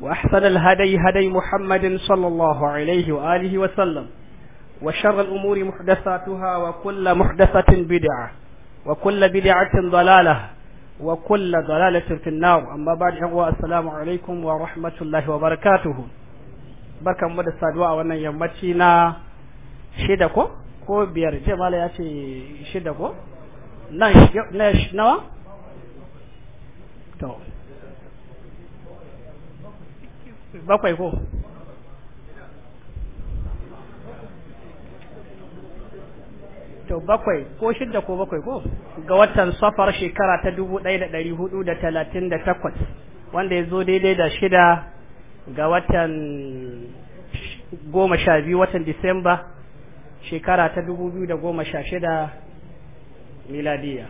وأحسن الهدي هدي محمد صلى الله عليه وآله وسلم وشر الأمور محدثاتها وكل محدثة بدعة وكل بدعة ضلالة وكل ضلالة في النار أما بعد السلام عليكم ورحمة الله وبركاته بركة مدى السادواء وانا يمتينا شدكو ko biyar ce mala ya ce shida ko nan nawa to bakwai ko to bakwai ko shidda ko bakwai ko ga watan safar shekara ta dubu ɗaya da ɗari hudu da talatin da takwas wanda ya zo daidai da shida ga watan goma sha biyu watan disamba shekara ta dubu biyu da goma sha shida miladiya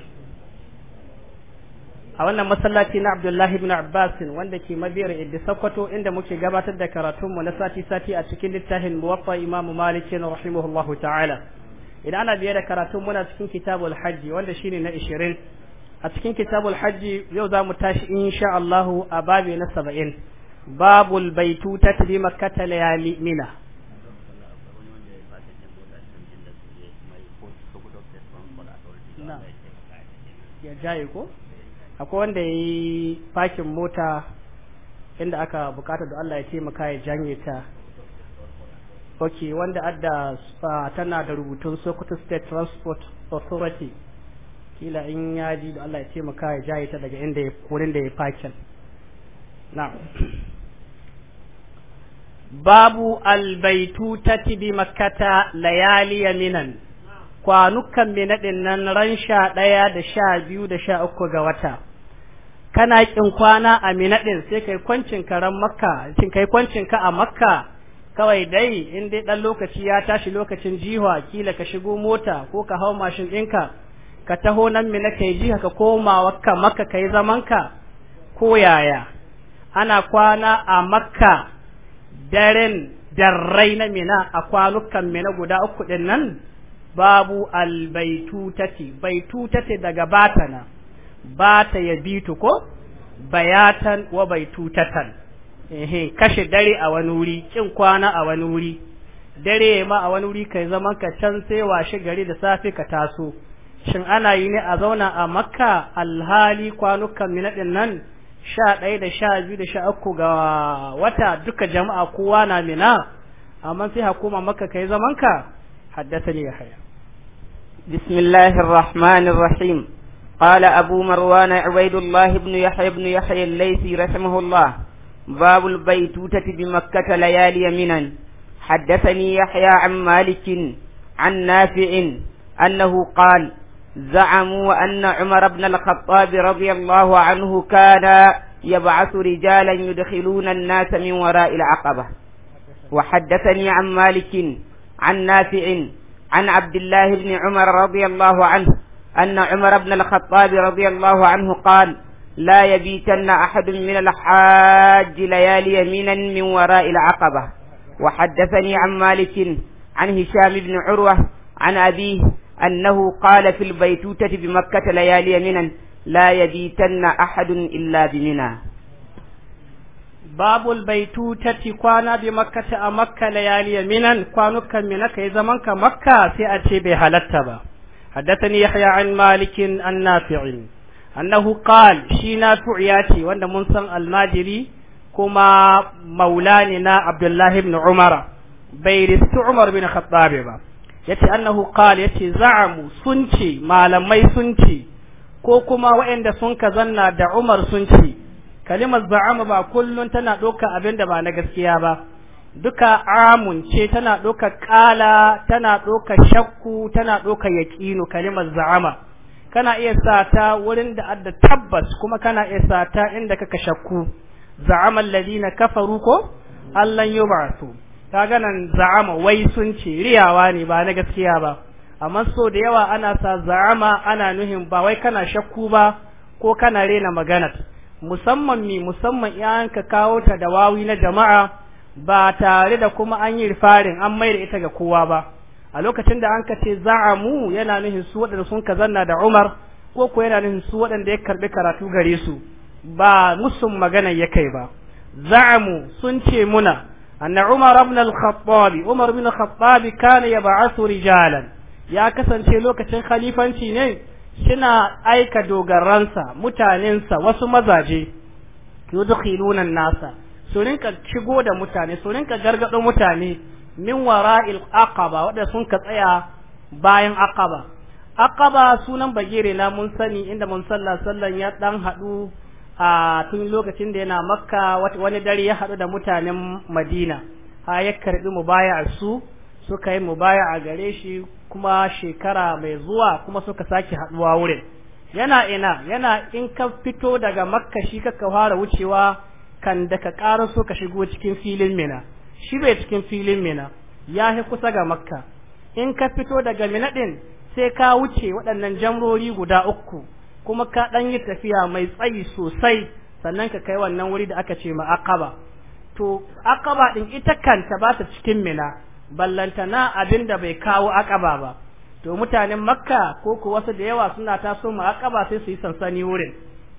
a wannan masallaci na Abdullahi ibn Abbas wanda ke mabiyar Idda Sokoto inda muke gabatar da karatunmu na sati-sati a cikin littafin Muwaffa Imam Malik rahimahullahu ta'ala idan ana biye da karatun muna cikin Kitabul Hajji wanda shine na 20 a cikin Kitabul Hajji yau zamu tashi insha Allah a babi na 70 babul baitu tatbi makkata layali mina ya jaye ko akwai wanda ya yi fakin mota inda aka bukata da Allah ya taimaka ya janye ta ok wanda adda tana da rubutun Sokoto State Transport Authority kila in ya ji da Allah ya taimaka ya jaye ta daga inda wurin da ya fakin na babu albaitutati bi makata layali minan kwanukan minadin nan ran sha ɗaya da sha biyu da sha uku ga wata kana ƙin kwana a ɗin sai kai kwancin karan makka kai kwancin ka a makka kawai dai in dai ɗan lokaci ya tashi lokacin jiwa kila ka shigo mota ko ka hau mashin ɗinka ka taho nan mina kai jiha ka koma wakka makka ka zaman zamanka ko yaya ana kwana a makka daren darrai na mina a kwanukan mina guda uku ɗin nan babu albaitutati baitutati daga batana bata ya bitu ko bayatan wa baitutatan ehe kashe dare a wani wuri kin kwana a wani wuri dare ma a wani wuri kai zaman ka can sai washe gari da safe ka taso shin ana yi ne a zauna a makka alhali kwanukan minadin nan sha ɗaya da sha biyu da sha uku ga wata duka jama'a kowa na mina amma sai hakuma makka kai zaman ka haddasa ne ya haya بسم الله الرحمن الرحيم قال أبو مروان عبيد الله بن يحيى بن يحيى الليثي رحمه الله باب البيتوتة بمكة ليالي منا حدثني يحيى عن مالك عن نافع أنه قال زعموا أن عمر بن الخطاب رضي الله عنه كان يبعث رجالا يدخلون الناس من وراء العقبة وحدثني عن مالك عن نافع عن عبد الله بن عمر رضي الله عنه أن عمر بن الخطاب رضي الله عنه قال لا يبيتن أحد من الحاج ليالي يمينا من وراء العقبة وحدثني عن مالك عن هشام بن عروة عن أبيه أنه قال في البيتوتة بمكة ليالي يمينا لا يبيتن أحد إلا بمنى babul tutaci kwana bi makkata a makka ya minan kwanukan mina kai zaman ka makka sai a ce bai halatta ba haddathani yahya an malikin an nafi'in annahu qal shi nafi' ya ce wanda mun san almajiri kuma maulani na abdullahi ibn umar bai risu umar bin khattab ba yace annahu qal yace za'amu sun ce malamai sun ce ko kuma waɗanda sun zanna da umar sun ce kalimar za'ama ba kullun tana ɗauka abinda ba na gaskiya ba duka amun ce tana ɗauka ƙala tana ɗauka shakku tana ɗauka yaƙinu kalimar za'ama kana iya sata wurin da adda tabbas kuma kana iya sata inda kaka shakku za'ama alladhina kafaru ko allan yub'athu kaga nan za'ama wai sun ce riyawa ne ba na gaskiya ba amma so da yawa ana sa za'ama ana nuhin ba wai kana shakku ba ko kana rena magana musamman mi musamman iyayen ka kawo ta da wawi na jama'a ba tare da kuma an yi rifarin an mai da ita ga kowa ba a lokacin da an ka ce za'amu yana nuhin su waɗanda sun ka zanna da Umar ko ko yana nuhin su waɗanda ya karɓi karatu gare su ba musun magana ya kai ba za'amu sun ce muna anna Umar ibn al-Khattab Umar ibn al-Khattab kana yab'athu rijalan ya kasance lokacin khalifanci ne suna aika dogaransa mutanensa wasu mazaje nunan nasa su rinka shigo da mutane su rinka gargado mutane min wara'il akaba wadda sun ka tsaya bayan akaba akaba sunan bagire na mun sani inda mun sallah sallan ya dan hadu a tun lokacin da yana makka wani dare ya hadu da mutanen madina ha ya karbi mubaya su suka yi mubaya a gare shi kuma shekara mai zuwa kuma suka sake haduwa wurin yana ina yana in ka fito daga makka shi ka fara wucewa kan da ka ƙara so ka shigo cikin filin mina shi bai cikin filin mina ya fi kusa ga makka in ka fito daga mina ɗin sai ka wuce waɗannan jamrori guda uku kuma ka ɗan yi tafiya mai tsayi sosai sannan ka kai wannan wuri da aka ce ma akaba to akaba ɗin ita kanta ba ta cikin mina ballantana abin da bai kawo akaba ba to mutanen makka ko ku wasu da yawa suna taso mu akaba sai su yi sansani wurin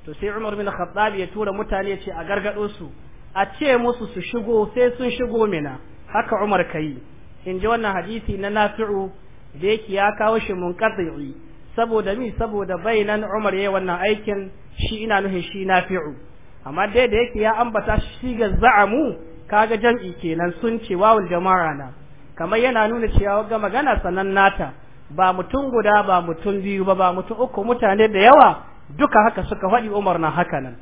to sai umar bin khattab ya tura mutane ya ce a gargado su a ce musu su shigo sai sun shigo mina haka umar kai in ji wannan hadisi na nafi'u da yake ya kawo shi mun munqati saboda mi saboda bainan umar yayi wannan aikin shi ina nuhin shi nafi'u amma dai da yake ya ambata shi ga za'amu kaga jam'i kenan sun ce wa jama'a na kamar yana nuna cewa ga magana sanan nata ba mutum guda ba mutum biyu ba ba mutum uku mutane da yawa duka haka suka faɗi Umar na haka nan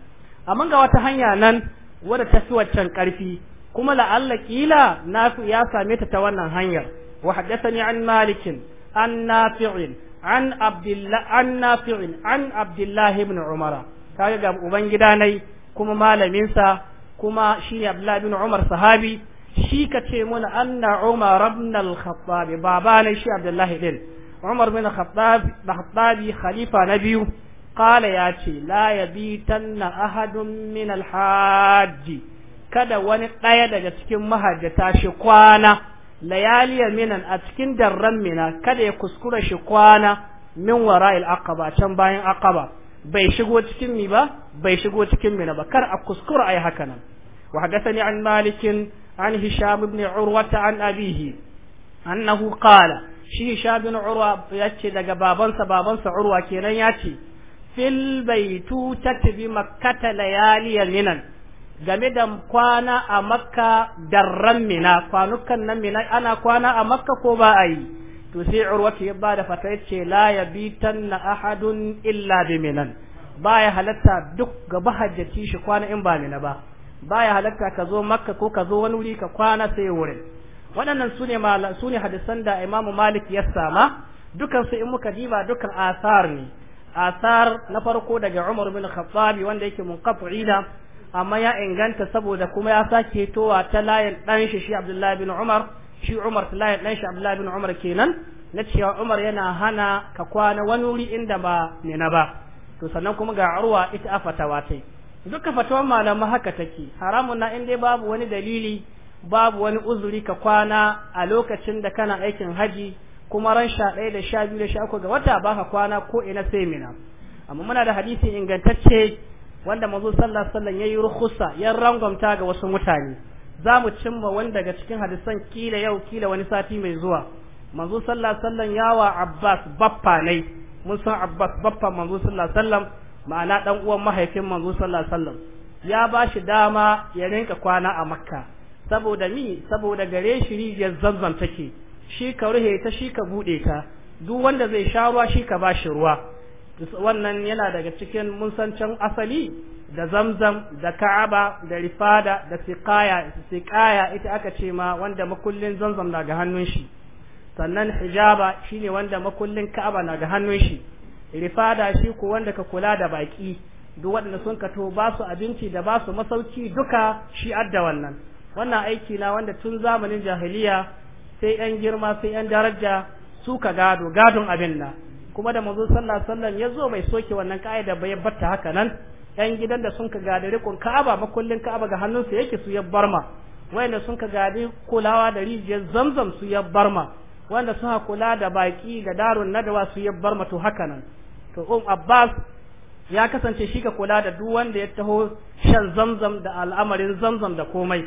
amma ga wata hanya nan wadda ta fi waccan karfi kuma la'alla kila nafi ya same ta ta wannan hanyar wa haddathani an malikin an nafi'in an abdullah an nafi'in an abdullah ibn umar kaga ga ubangida nai kuma malamin sa kuma shine abdullah ibn umar sahabi shi ka ce muna anna Umar ibn al-Khattab baba ne shi din Umar ibn al-Khattab khalifa na biyu qala ya ce la yabitanna ahadun min al-hajj kada wani daya daga cikin mahajjata shi kwana layaliyar minan a cikin darran mina kada ya kuskura shi kwana min wara'il aqaba can bayan aqaba bai shigo cikin mi ba bai shigo cikin mina ba kar a kuskura ayi haka nan wa hadathani an malikin عن هشام بن عروة عن أبيه أنه قال shi Hisham bin Urwa yace daga babansa babansa Urwa kenan yace fil baitu tatbi makkata layaliyan minan game da kwana a makka darran mina kwanukan nan mina ana kwana a makka ko ba a yi to sai urwa ya ba da fata ce la bitan na ahadun illa bi minan baya halatta duk ga hajjati shi kwana in ba mina ba baya halatta ka zo makka ko ka zo wani wuri ka kwana sai wurin waɗannan su ne su ne hadisan da imamu malik ya sama dukan su in muka diba dukan asar ne asar na farko daga umar bin khattabi wanda yake munqati da amma ya inganta saboda kuma ya sake towa ta layin dan shi shi abdullahi bin umar shi umar ta layin dan shi abdullahi bin umar kenan na cewa umar yana hana ka kwana wani wuri inda ba na ba to sannan kuma ga arwa ita afata tai duka fatawar malama haka take haramun na inda babu wani dalili babu wani uzuri ka kwana a lokacin da kana aikin haji kuma ran sha ɗaya da sha biyu da sha uku ga wata baka kwana ko ina sai amma muna da hadisi ingantacce wanda manzo sallah sallan ya yayi rukhsa ya rangwamta ga wasu mutane za mu cimma wani daga cikin hadisan kila yau kila wani sati mai zuwa manzo sallah sallan yawa abbas baffa ne mun san abbas baffa manzo sallah sallan ma'ana dan uwan mahaifin manzo sallallahu alaihi wasallam ya ba shi dama ya rinka kwana a makka saboda mi saboda gare shi rijiyar zanzan take shi ka ruhe ta shi ka bude ta duk wanda zai sha ruwa shi ka bashi ruwa wannan yana daga cikin mun san can asali da zamzam da ka'aba da rifada da siqaya siqaya ita aka ce ma wanda makullin zamzam na ga hannun shi sannan hijaba shine wanda makullin ka'aba na ga hannun shi rifada shi ko wanda ka kula da baki duk wanda sun ka to ba abinci da basu masauki duka shi adda wannan wannan aiki na wanda tun zamanin jahiliya sai yan girma sai yan daraja su ka gado gadon abin na kuma da manzo sallallahu alaihi wasallam ya zo bai soke wannan ka'ida ba ya batta haka nan yan gidan da sun ka gada rikon ka'aba makullin ka'aba ga su yake su ya barma wayanda sun ka gadi kulawa da rijiyar zamzam su ya barma wanda suka kula da baki ga darun nadawa su ya to haka nan to um abbas ya kasance shi ka kula da duk wanda ya taho shan zamzam da al'amarin zamzam da komai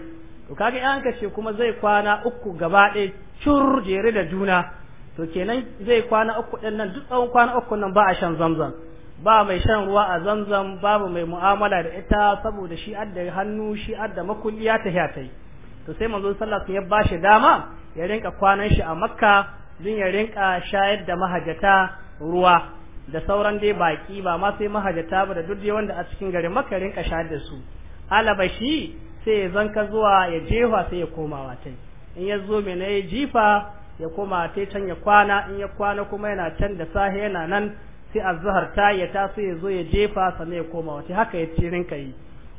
to kaga yan kace kuma zai kwana uku gaba ɗaya cur jere da juna to kenan zai kwana uku ɗin nan duk tsawon kwana uku nan ba a shan zamzam ba mai shan ruwa a zamzam babu mai mu'amala da ita saboda shi adda hannu shi adda makulliya ta ya to sai manzon sallallahu alaihi wasallam ya bashi dama ya rinka kwanan shi a makka din ya rinka shayar da mahajjata ruwa da sauran dai baki ba ma sai mahajata ba da duk dai wanda a cikin garin makarin rinka da su alabashi sai ya zanka zuwa ya jefa sai ya koma wata in ya zo mai na ya jifa ya koma ta can ya kwana in ya kwana kuma yana can da sahe yana nan sai azhar ta ya sai ya zo ya jefa sai ya koma wata haka ya ce rinka yi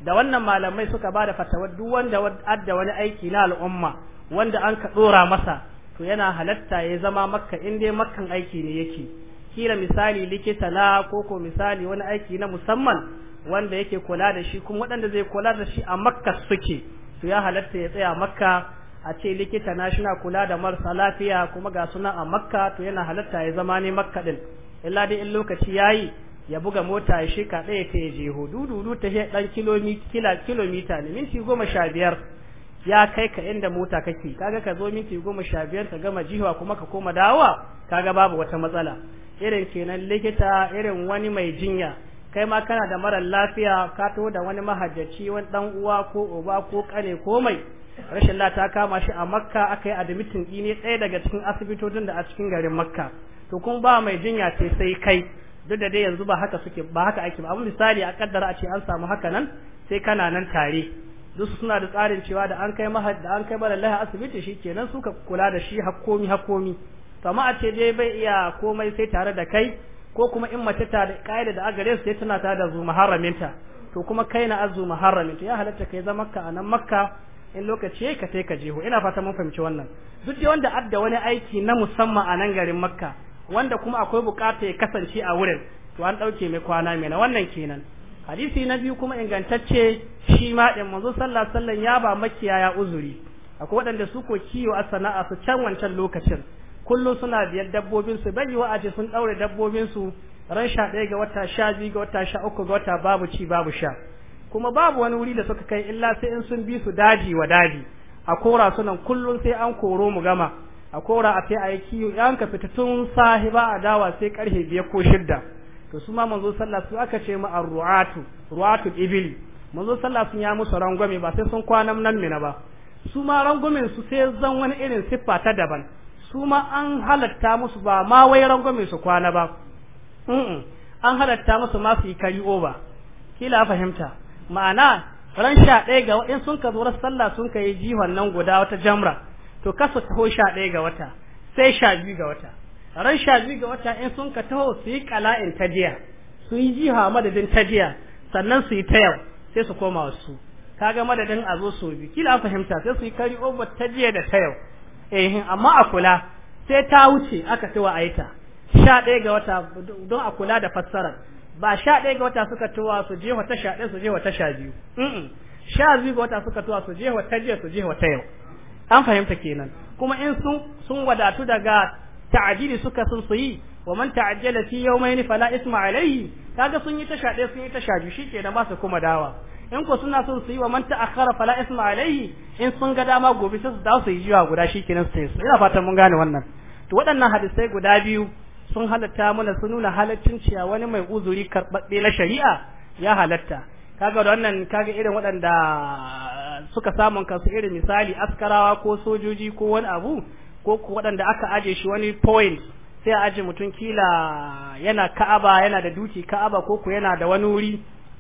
da wannan malamai suka bada fatawa duk wanda adda wani aiki na al'umma wanda an ka dora masa to yana halatta ya zama makka in dai makkan aiki ne yake kila misali likita na koko misali wani aiki na musamman wanda yake kula da shi kuma waɗanda zai kula da shi a makka suke su ya halatta ya tsaya makka a ce likita na shi na kula da marasa lafiya kuma ga suna a makka to yana halatta ya zama ne makka din illa dai in lokaci yayi ya buga mota ya shi kaɗai ya ta je hududu ta he ɗan kilomita ne minti goma sha biyar ya kai ka inda mota kake kaga ka zo minti goma sha biyar ka gama jihuwa kuma ka koma dawowa kaga babu wata matsala irin kenan likita irin wani mai jinya kai ma kana da mara lafiya ka to da wani mahajjaci wani dan uwa ko uba ko kane ko mai rashin la ta kama shi a makka aka yi admitin ne ɗaya daga cikin asibitocin da a cikin garin makka to kun ba mai jinya ce sai kai duk da dai yanzu ba haka suke ba haka ake ba abin misali a kaddara a ce an samu haka nan sai kana nan tare duk suna da tsarin cewa da an kai mahad da an kai marar lahi asibiti kenan suka kula da shi hakomi hakomi to amma a ce dai bai iya komai sai tare da kai ko kuma in mace ta da kaida da agare sai tana tare da zuma haraminta to kuma kai na azuma haraminta ya halatta kai zama makka anan makka in lokaci ka sai ka jeho ina fata mun fahimci wannan duk da wanda adda wani aiki na musamman a nan garin makka wanda kuma akwai bukata ya kasance a wurin to an dauke mai kwana mai na wannan kenan hadisi na biyu kuma ingantacce shi ma din manzo sallallahu alaihi wasallam ya ba makiyaya uzuri akwai wadanda su ko kiyo a sana'a su can wancan lokacin kullum suna biyan dabbobin su bai yi aje sun ɗaure dabbobin su ran sha ɗaya ga wata sha biyu ga wata sha uku ga wata babu ci babu sha kuma babu wani wuri da suka kai illa sai in sun bi su daji wa daji a kora sunan kullum sai an koro mu gama a kora a sai a yi kiyo yan ka fita tun sahiba a dawa sai karhe biyar ko shidda to su ma manzo sallah su aka ce mu a ruatu ru'atu ibili manzo sallah sun ya musu rangwame ba sai sun kwana nan mina ba su ma rangwamen su sai zan wani irin siffa ta daban su ma an halatta musu ba ma wai rangwame su kwana ba an halatta musu ma su yi kari over kila fahimta ma'ana ran sha ɗaya ga in sun ka zuwa sallah sun ka yi jihon nan guda wata jamra to kasa taho sha ɗaya ga wata sai sha biyu ga wata ran sha biyu ga wata in sun ka taho su yi kala'in ta jiya su yi jiha madadin ta jiya sannan su yi ta yau sai su koma wasu kaga madadin a zo su biyu kila fahimta sai su yi kari over ta jiya da ta yau eh amma a kula sai ta wuce aka ce a aita, sha ɗaya ga wata don a kula da fassara, ba sha ɗaya ga wata suka tuwa su je wata sha ɗaya su je wata sha biyu sha biyu ga wata suka tuwa su je wata jiya su je wata yau an fahimta kenan kuma in sun sun wadatu daga ta'ajili suka sun su yi wa man ta'ajjala fi yawmayn fala isma alayhi kaga sun yi ta sha ɗaya sun yi ta sha biyu shikenan ba su kuma dawa in ko suna son su yi wa man ta'akhkhara fala isma alaihi in sun ga dama gobe sai su dawo su yi jiwa guda shikenan su ina fatan mun gane wannan to waɗannan hadisai guda biyu sun halatta mana sun nuna halaccin cewa wani mai uzuri karɓaɓɓe na shari'a ya halatta kaga wannan kaga irin waɗanda suka samun kansu irin misali askarawa ko sojoji ko wani abu ko waɗanda aka aje shi wani point sai a aje mutum kila yana ka'aba yana da duki ka'aba ko ku yana da wani wuri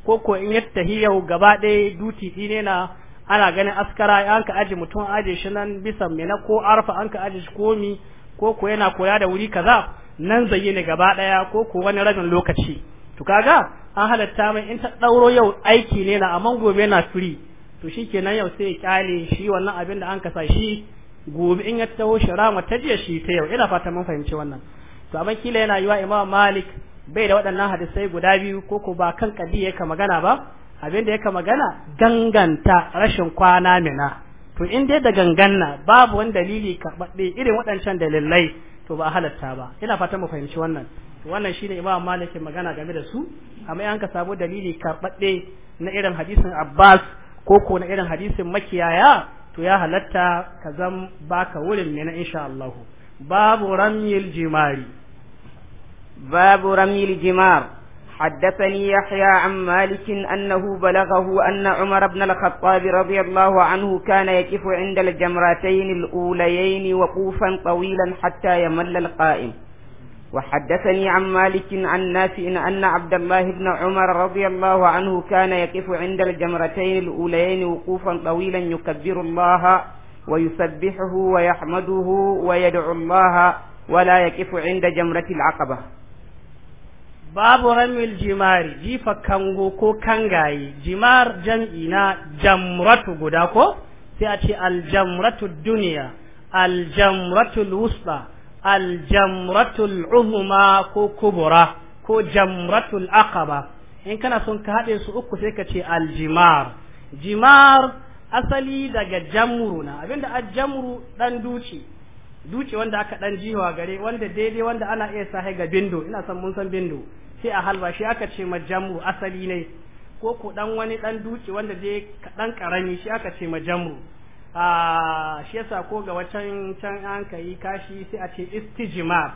ko ko in ya tahiyau gaba ɗaya duti ne na ana ganin askara an ka aji mutum aje shi nan bisa mena ko arfa an ka aji shi komi ko ko yana koya da wuri kaza nan zai ne gaba ɗaya ko ko wani rabin lokaci to kaga an halatta mai in ta ɗauro yau aiki ne na amma gobe na firi to shi kenan yau sai ya kyale shi wannan abin da an kasa shi gobe in ya taho shi ta jiya shi ta yau ina fata mun fahimci wannan to amma kila yana yiwa imam malik bai da waɗannan hadisai guda biyu ko ko ba kan kadi yake magana ba abin da yake magana ganganta rashin kwana mina to in dai da ganganna babu wani dalili karɓaɓɓe irin waɗancan dalilai to ba halatta ba ina fatan mu fahimci wannan wannan shine imam malik magana game da su amma an ka sabo dalili karɓaɓɓe na irin hadisin abbas ko ko na irin hadisin makiyaya to ya halatta ka zan baka wurin mina insha Allah babu ramyil jimari باب رمي الجمار حدثني يحيى عن مالك أنه بلغه أن عمر بن الخطاب رضي الله عنه كان يكف عند الجمرتين الأوليين وقوفا طويلا حتى يمل القائم وحدثني عن مالك عن نافع إن, أن عبد الله بن عمر رضي الله عنه كان يقف عند الجمرتين الأوليين وقوفا طويلا يكبر الله ويسبحه ويحمده ويدعو الله ولا يقف عند جمرة العقبة babu ramil jimari jifa kango ko kangaye jimar jam'i na jamratu guda ko sai a ce aljamratu duniya aljamratu wusta aljamratu uzma ko kubura ko jamratu aqaba in kana son ka haɗe su uku sai ka ce aljimar jimar asali daga na abinda ajamru dan duci duce wanda aka dan jiwa gare wanda daidai wanda ana iya sahi ga bindo ina san mun san bindo sai a halba shi aka ce majamu asali ne ko ku dan wani dan duce wanda dai dan karami shi aka ce majamu a ah, shi yasa ko ga wacan can an kai kashi sai a ce istijmar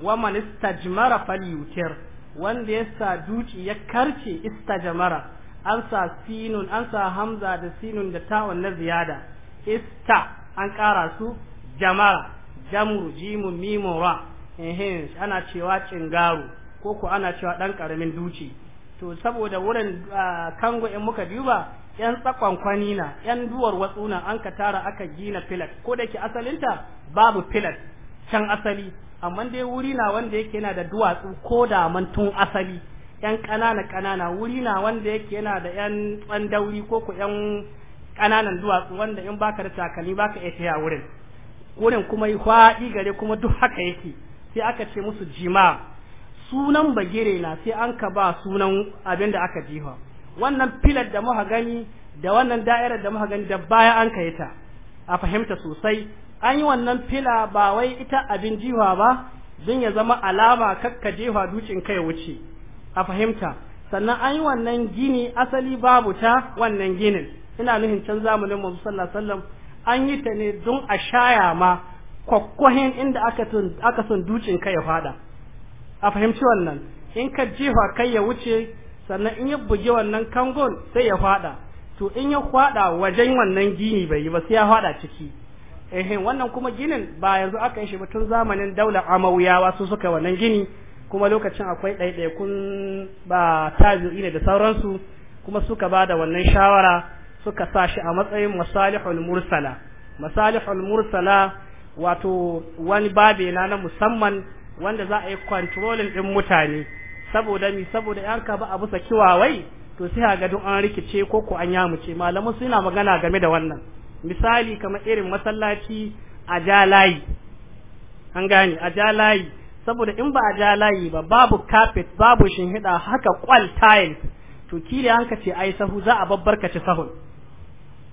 wa man istajmara falyutir wanda yasa duci ya karce istajmara an sa sinun an sa hamza da sinun da tawon na ziyada ista an kara su jamara jamru jimu mimo wa ana cewa cingaru ko ko ana cewa dan karamin duci to saboda wurin kango in muka duba yan kwani na yan duwar watsuna an ka tara aka gina filat ko da ke asalinta babu filat can asali amma dai wuri na wanda yake yana da duwatsu ko da mantun asali yan ƙanana kanana wuri na wanda yake yana da yan tsandauri ko ko yan ƙananan duwatsu wanda in baka da takalmi baka iya taya wurin wurin kuma yi faɗi gare kuma duk haka yake sai aka ce musu jima sunan bagire na sai an ka ba sunan abin da aka jiha wannan filar da muka gani da wannan da'irar da muka gani da baya an kai ta a fahimta sosai an yi wannan fila ba wai ita abin jiha ba don ya zama alama kakka jefa dukin kai wuce a fahimta sannan an yi wannan gini asali babu ta wannan ginin ina nuhin can zamanin mu sallallahu alaihi an yi ta ne don a shaya ma kwakwahin inda aka son dukin kai ya fada a fahimci wannan in ka jefa kai ya wuce sannan in ya buge wannan kangon sai ya fada to in ya fada wajen wannan gini bai yi ba sai ya fada ciki eh wannan kuma ginin ba yanzu aka yi shi tun zamanin daular amawuyawa su suka wannan gini kuma lokacin akwai ɗaiɗaikun ba tabi'i ne da sauransu kuma suka ba da wannan shawara suka sa shi a matsayin masalihul mursala masalihul mursala wato wani babe na na musamman wanda za a yi controlling din mutane saboda mi saboda yanka ba a bisa kiwawai to sai ga don an rikice ko ko an yamuce malamu suna magana game da wannan misali kamar irin masallaci a jalayi an gane a jalayi saboda in ba a jalayi ba babu carpet babu shinhida haka kwal tiles to kiri an ka ce ai sahu za a babbarkace sahun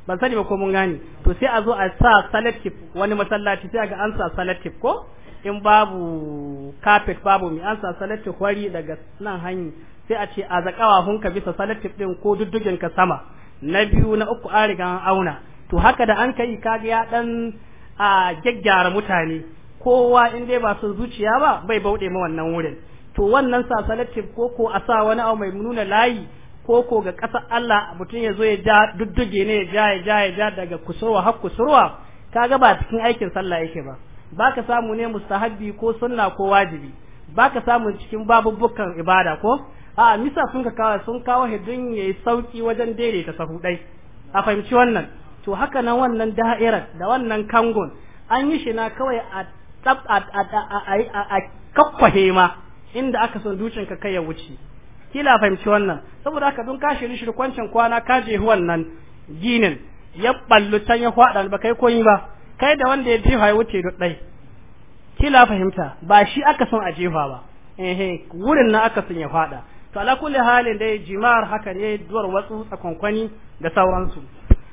ban sani ba ko mun gane to sai a zo a sa salatif wani masallaci sai ga an sa salatif ko in babu carpet babu mi an sa salatif wari daga nan hanyi sai a ce a zakawa hunka bisa salatif din ko duddugen ka sama na biyu na uku an riga an auna to haka da an kai kaga ya dan a gyaggyara mutane kowa in dai ba su zuciya ba bai bauɗe ma wannan wurin to wannan sa salatif ko ko a sa wani abu mai nuna layi ko ko ga ƙasa Allah mutum ya zo ya ja dudduge ne ya ja ya ja ya ja daga kusurwa har kusurwa kaga ba cikin aikin sallah yake ba baka samu ne mustahabbi ko sunna ko wajibi baka samu cikin babubukan ibada ko a misa sun ka kawo sun kawo hidin yayi sauki wajen daidaita sahu dai a fahimci wannan to haka nan wannan da'ira da wannan kangon an yi shi na kawai a a a a a kakwahe ma inda aka son ducin ka kai ya wuce kila fahimci wannan saboda haka dun ka shiri shirkwancin kwana ka je wannan ginin ya ballu can ya faɗa ba kai koyi ba kai da wanda ya jefa ya wuce duk ɗai kila fahimta ba shi aka son a jefa ba eh wurin na aka son ya faɗa to ala kulli halin dai jimar haka ne duwar wasu tsakonkwani da sauransu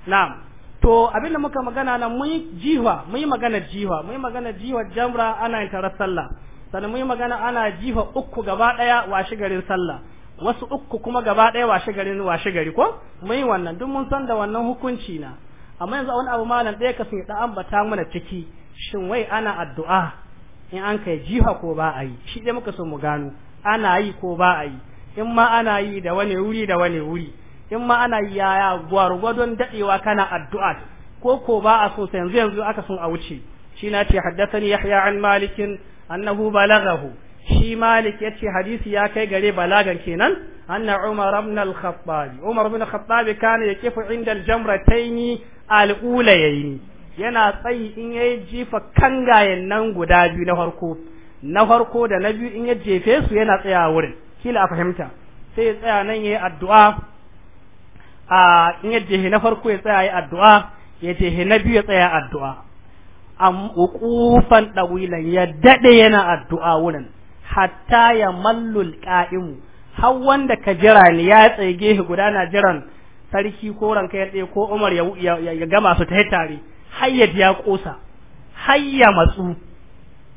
na'am to abin da muka magana nan mun yi jiwa mun magana jiwa mun yi magana jiwa jamra ana yin tarar sallah sannan mun magana ana jiwa uku gaba daya washe garin sallah wasu uku kuma gaba ɗaya washe gari washe gari ko mai wannan duk mun san da wannan hukunci na amma yanzu wani abu malam ɗaya ka sun ɗan ambata mana ciki shin wai ana addu'a in an kai jiha ko ba a yi shi dai muka so mu gano ana yi ko ba a yi in ma ana yi da wani wuri da wani wuri in ma ana yi yaya gwargwadon daɗewa kana addu'a ko ko ba a so yanzu yanzu aka sun a wuce shi na ce ni yahya an malikin annahu balagahu shi malik yace hadisi ya kai gare balagan kenan anna umar ibn al-khattab umar ibn al-khattab kana inda al-jamratayn al-ulayayn yana tsayi in yayi jifa kangayen nan guda biyu na farko na farko da na biyu in ya jefe su yana tsaya wurin kila a fahimta sai ya tsaya nan yayi addu'a a in ya jehe na farko ya tsaya yayi addu'a ya jehe na biyu ya tsaya addu'a am uqufan dawilan ya dade yana addu'a wurin hatta ya mallul kaimu har wanda ka jira ni ya tsage shi guda na jiran sarki ko ranka ya tsaye ko Umar ya ya gama su ta tare hayyad ya kosa hayya matsu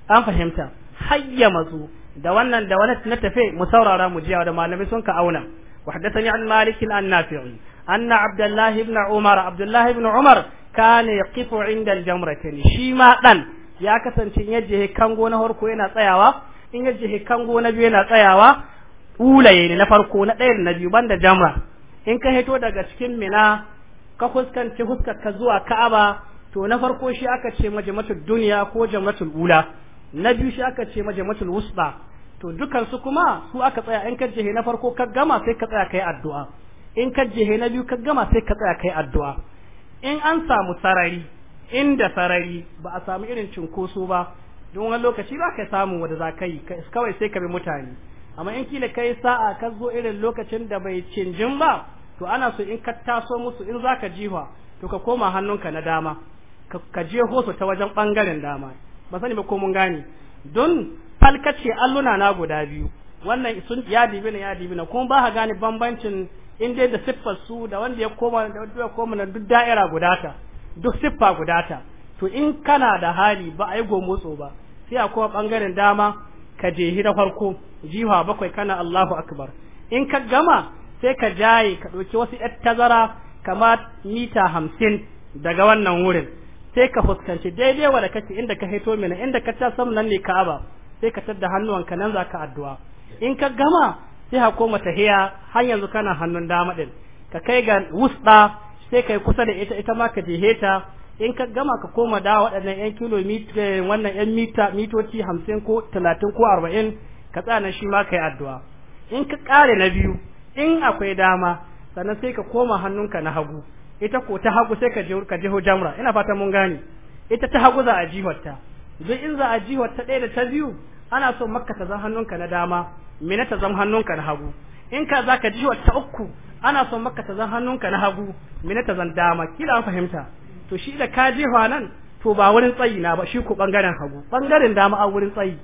an fahimta hayya matsu da wannan da wani na tafe mu saurara mu jiya da malami sun ka auna وحدثني عن مالك عن نافع أن عبد الله بن عمر عبد الله بن عمر كان يقف عند الجمرتين شيما دان يا كسانتين يجه كان na هوركو yana tsayawa in ya jihe kango na biyu yana tsayawa ulaye ne na farko na ɗaya da na biyu banda jamra in ka hito daga cikin mina ka fuskanci fuskar ka zuwa ka'aba to na farko shi aka ce majamatul duniya ko jamatul ula na biyu shi aka ce majamatul wusta to dukan su kuma su aka tsaya in ka jihe na farko ka gama sai ka tsaya kai addu'a in ka jihe na biyu ka gama sai ka tsaya kai addu'a in an samu sarari inda sarari ba a samu irin cinkoso ba don wani lokaci ba ka samu wanda za ka yi kawai sai ka bi mutane amma in kila kai sa'a ka zo irin lokacin da bai cinjin ba to ana so in ka taso musu in za ka jiwa to ka koma hannunka na dama ka je hoso ta wajen bangaren dama ba sani ba ko mun gane don falkace alluna na guda biyu wannan sun ya dibi na ya dibi na kuma ba ka gane bambancin in dai da siffar su da wanda ya koma da wanda ya koma na duk da'ira guda ta duk siffa guda ta to in kana da hali ba a yi gomotso ba sai a kowa bangaren dama ka je hira farko jiha bakwai kana Allahu akbar in ka gama sai ka jaye ka ɗauki wasu ‘yar tazara kama mita hamsin daga wannan wurin sai ka fuskanci daidai wa da kake inda ka haito mina inda ka ta samu nan ne ka'aba sai ka tadda hannuwanka nan za ka addu'a in ka gama sai ka koma hiya har yanzu kana hannun dama ɗin ka kai ga wusɗa sai kai kusa da ita ita ma ka je heta. in ka gama ka koma da waɗannan yan kilomita eh, wannan yan mita mitoci hamsin ko talatin ko arba'in ka tsana shi ma ka yi addu'a in ka ƙare na biyu in akwai dama sannan sai ka koma hannunka na hagu ita ko ta hagu sai ka je ka jiho jamra ina fata mun gane ita ta hagu za a jiwarta duk in za a jiwarta ɗaya da ta biyu ana so makka ta zan hannunka na dama mina ta zan hannunka na hagu in ka za ka jiwarta uku ana so makka ta zan hannunka na hagu mina ta zan dama kila an fahimta to shi da ka jefa nan to ba wurin tsayi na ba shi ko bangaren hagu bangaren dama a wurin tsayi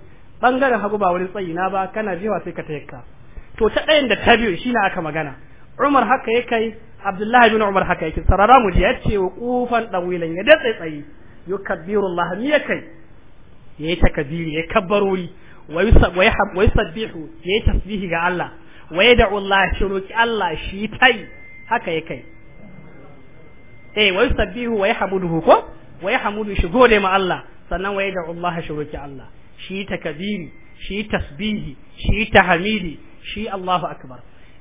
bangaren hagu ba wurin tsayi na ba kana jefa sai ka tayyaka to ta ɗayan da ta biyu shi na aka magana Umar haka ya kai Abdullahi bin Umar haka yake sarara mu ya ce wa kufan dawilan ya datsa tsayi yukabbiru Allah ni ya kai yayi takabiri ya kabbarori wa yusab wa yusabbihu yayi tasbihi ga Allah wa da Allah shi roki Allah shi tai haka ya kai eh wa yusabbihu wa yahmuduhu ko wa yahmudu shi gode ma Allah sannan wa yad'u Allah shi Allah shi takbiri shi tasbihi shi tahmidi shi Allahu akbar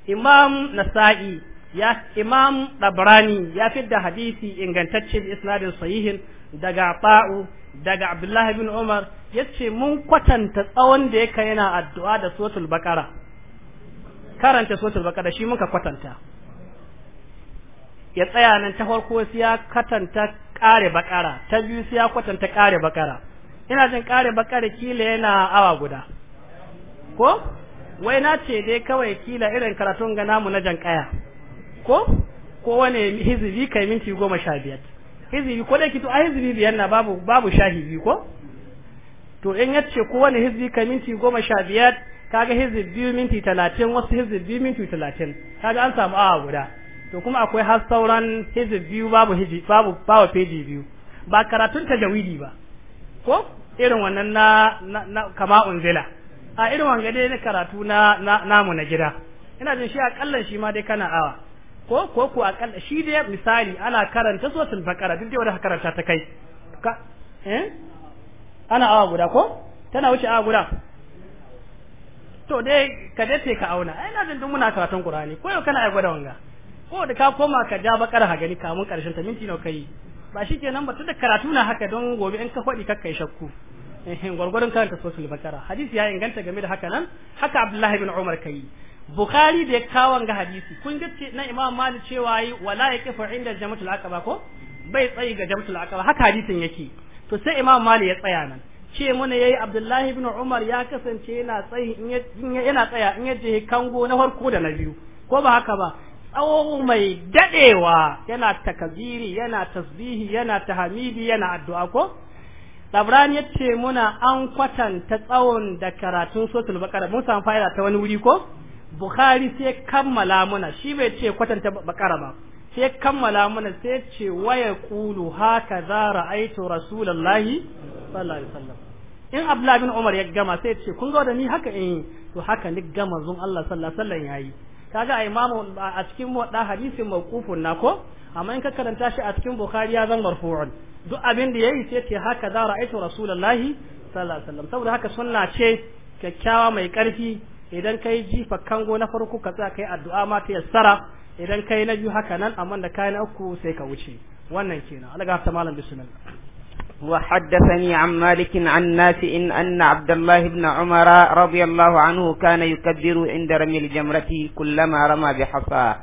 imam nasa'i ya imam dabrani ya fidda hadisi ingantaccen isnadin sahihin daga ta'u daga abdullahi bin umar yace mun kwatanta tsawon da yake yana addu'a da suratul baqara karanta suratul baqara shi muka kwatanta ya tsaya nan ta farko sai ya katanta kare bakara ta biyu sai ya kwatanta kare bakara ina jin kare bakara kila yana awa guda ko wai na ce dai kawai kila irin karatun ga namu na kaya ko ko wane hizibi kai minti goma sha biyar hizibi ko da kito a hizibi biyar na babu babu shahibi ko to in ya ce ko wane hizibi kai minti goma sha biyar kaga hizibi biyu minti talatin wasu hizibi biyu minti talatin kaga an samu awa guda to kuma akwai har sauran hijib biyu babu hijib babu babu peji biyu ba karatun tajawidi ba ko irin wannan na, na, kama unzila a irin wanga dai na karatu na, na namu na gida ina jin shi akalla shi ma dai kana awa ko ko ku akalla shi dai misali ana karanta suratul bakara duk dai wanda karanta ta kai ka eh ana awa guda ko tana wuce awa guda to dai ka dace ka auna ai na jin duk muna karatun qur'ani ko yau kana ai gwada wanga ko da ka koma ka ja bakar ha gani kamun karshen ta minti nawa kai ba shi shikenan ba tunda karatu na haka don gobe in ka faɗi kai shakku gwargwaron ta sosul bakara hadisi ya inganta game da haka nan haka abdullahi bin umar kai bukhari da ya kawon ga hadisi kun ga na imam malik cewa yi wala ya kifa inda jamatul aqaba ko bai tsayi ga jamatul aqaba haka hadisin yake to sai imam malik ya tsaya nan ce mana yayi abdullahi bin umar ya kasance yana tsayi in yana tsaya in yaje kango na farko da na biyu ko ba haka ba tsawo mai dadewa yana takabiri yana tasbihi yana tahmidi yana addu'a ko labran yace muna an kwatanta tsawon da karatun suratul baqara mun san fa'ida ta wani wuri ko Bukhari sai kammala muna shi bai ce kwatanta baqara ba sai kammala muna sai ce waya kulu haka za ra'aitu rasulullahi sallallahu alaihi wasallam in Abdullahi bin Umar ya gama sai ce kun ga da ni haka in to haka ni gama zun Allah sallallahu alaihi wasallam yayi kaga a imamu a cikin wadda hadisin mawqufun na ko amma in ka karanta shi a cikin bukhari ya zan marfu'un duk abin da yayi sai ce haka za ra'aytu rasulullahi sallallahu alaihi wasallam saboda haka sunna ce kyakkyawa mai karfi idan kai jifa kango na farko ka tsaya kai addu'a ma ta yassara idan kai na biyu haka nan amma da kai uku sai ka wuce wannan kenan alga ta malam bismillah وحدثني عن مالك عن نافع إن, أن عبد الله بن عمر رضي الله عنه كان يكبر عند رمي الجمرة كلما رمى بحصاه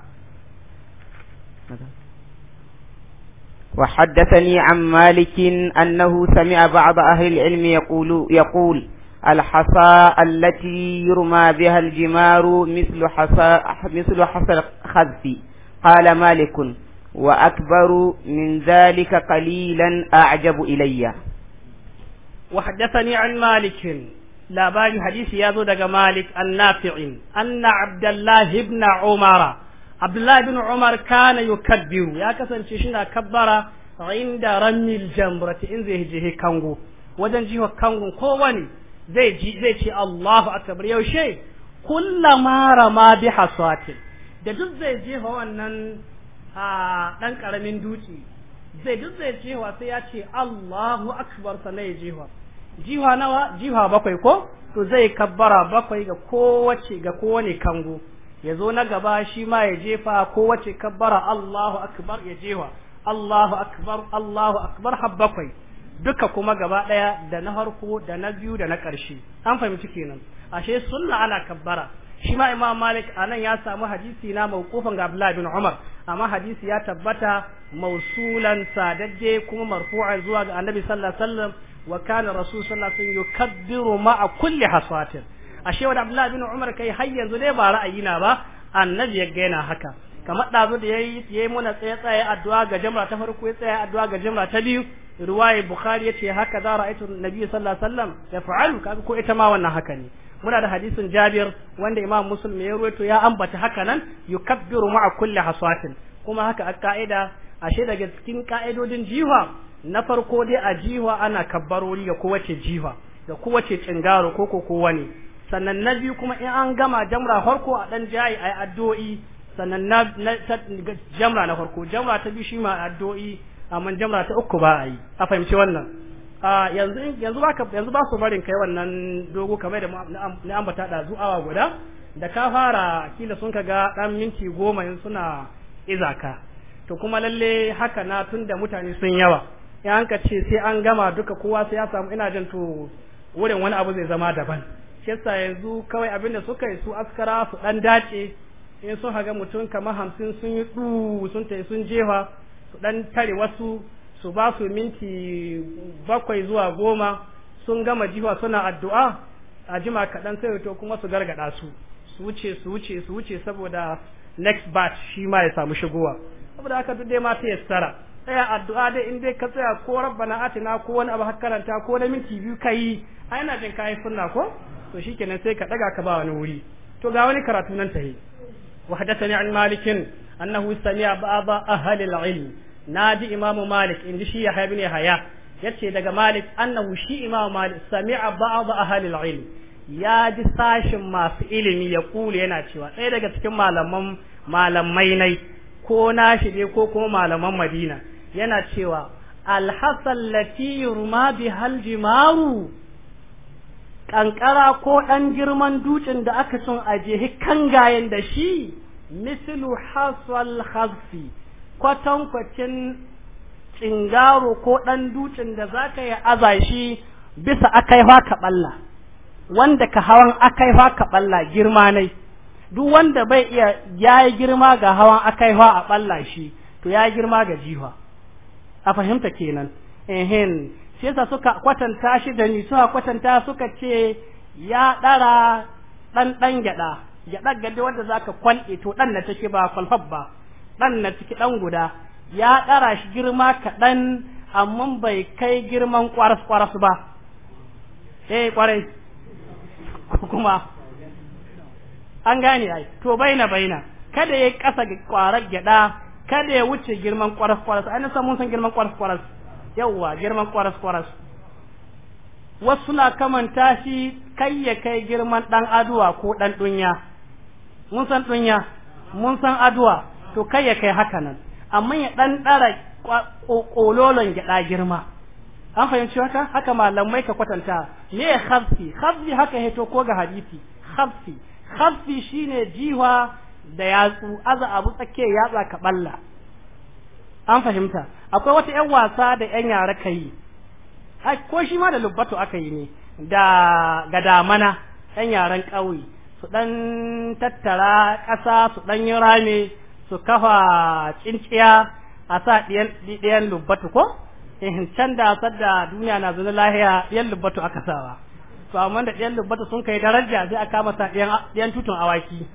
وحدثني عن مالك أنه سمع بعض أهل العلم يقول, يقول الحصى التي يرمى بها الجمار مثل حصى, مثل حصى الخذف قال مالك وأكبر من ذلك قليلا أعجب إلي وحدثني عن مالك لا باري حديث يازو دق مالك النافع أن عبد الله بن عمر عبد الله بن عمر كان يكبر يا كسن شيشنا كبر عند رمي الجمرة إن زي جيه كانغو وجن جيه كانغو كواني زي جي زي جي الله أكبر يوشي كل ما رمى بحصاة da duk zai jefa wannan a ɗan karamin dutse zai duk zai cewa sai ya ce Allahu akbar sannan ya jewa nawa jiwa bakwai ko to zai kabbara bakwai ga kowace ga kowane kango ya zo na gaba shi ma ya jefa kowace kabbara Allahu akbar ya jewa Allahu akbar Allahu akbar har bakwai duka kuma gaba ɗaya da na harko da na biyu da na ƙarshe an fahimci kenan ashe sunna ana kabbara shi ma imam malik anan ya samu hadisi na mawqufan ga abdullah bin umar amma hadisi ya tabbata mausulan sadadde kuma marfu'an zuwa ga annabi sallallahu alaihi wasallam wa kana rasul sallallahu alaihi wasallam yukabbiru ma'a kulli hasatin ashe wa abdullah bin umar kai har yanzu dai ba na ba annabi ya gaina haka kamar ɗazu da yayi yayi muna tsaye tsaye addu'a ga jama'a ta farko ya tsaye addu'a ga jama'a ta biyu riwaya bukhari yace haka za ra'aytu nabi sallallahu alaihi wasallam ya fa'alu kaga ko ita ma wannan haka ne muna da hadisin Jabir wanda Imam Muslim ya rawaito ya ambata haka nan yukabbiru ma'a kulli haswatin kuma haka a ka'ida ashe daga cikin ka'idodin jiha na farko dai a jiha ana kabbaroli ga kowace jiha da kowace cingaro ko ko kowane sannan na biyu kuma in an gama jamra farko a dan jayi ayi addu'o'i sannan na jamra na farko jamra ta biyu shi ma addu'o'i amma jamra ta uku ba a yi a fahimci wannan yanzu yanzu baka ba su barin kai wannan dogo kamar da na ambata da zuwa guda da ka fara kila sun kaga dan minti goma suna izaka to kuma lalle haka na tunda mutane sun yawa in ka ce sai an gama duka kowa sai ya samu ina jin to wurin wani abu zai zama daban shi yanzu kawai abin da suka yi su askara su dan dace in sun haga mutum kamar hamsin sun yi du sun tai sun jefa su dan tare wasu su ba su minti bakwai zuwa goma sun gama jiwa suna addu'a a jima kaɗan sai to kuma su gargaɗa su su wuce su wuce su wuce saboda next batch shi ma ya samu shigowa saboda haka duk dai ma sai ya tsara tsaya addu'a dai in dai ka tsaya ko rabbana atina ko wani abu karanta ko na minti biyu ka yi, a yana jin kayan sunna ko to shi kenan sai ka ɗaga ka ba wani wuri to ga wani karatu nan ta an وحدثني عن مالك أنه ba ahli al-ilm naji imamu malik in ji shi ya yahya haya. Ya yace daga malik annahu shi imamu malik sami'a ba'd ahli al-ilm ya ji sashin masu ilimi ya kula yana cewa ɗaya daga cikin malaman malamai nai ko shi ne ko kuma malaman madina yana cewa alhasan lati yurma bi jimaru kankara ko ɗan girman dutsen da aka sun aje kangayen da shi misilu hasal khazfi kwatankwacin tsingaro ko ɗan dutsen da za ka yi azashi bisa akaiwa ka ɓalla wanda ka hawan akaiwa ka ɓalla girma nai duk wanda bai iya ya yi girma ga hawan akaiwa a ɓalla shi to ya yi girma ga jiwa a fahimta kenan ehen shi yasa suka kwatanta shi da ni suka kwatanta suka ce ya ɗara ɗan ɗan gyaɗa gyaɗa gade wanda za ka kwalɗe to ɗan na take ba kwalfab ba dan na ciki dan guda ya ɗara shi girma kaɗan amma bai kai girman kwaras-kwaras ba eh kwarai kuma an gane ai to baina baina kada ya kasa kwarar gyada kada ya wuce girman kwaras kwaras an san mun san girman kwaras kwaras yawa girman kwaras kwaras wasu na kamanta shi kai ya kai girman dan aduwa ko dan dunya mun san dunya mun san aduwa to kai ya kai haka nan amma ya dan dara kololon gyaɗa girma an fahimci haka haka malamai ka kwatanta me ya khafi haka heto ko ga hadisi khafi khafi shine jiwa da yatsu aza abu tsakiyar yatsa ka balla an fahimta akwai wata yan wasa da yan yara kai ko shi ma da lubbato aka yi ne da ga damana yan yaran ƙauye su dan tattara ƙasa su dan yi rame su kafa cinciya a sa ɗiyan lubbatu ko in eh, can da sadda duniya na zuna lahiya ɗiyan lubbatu aka ba to amma da ɗiyan lubbatu sun kai daraja sai kama sa ɗiyan tutun awaki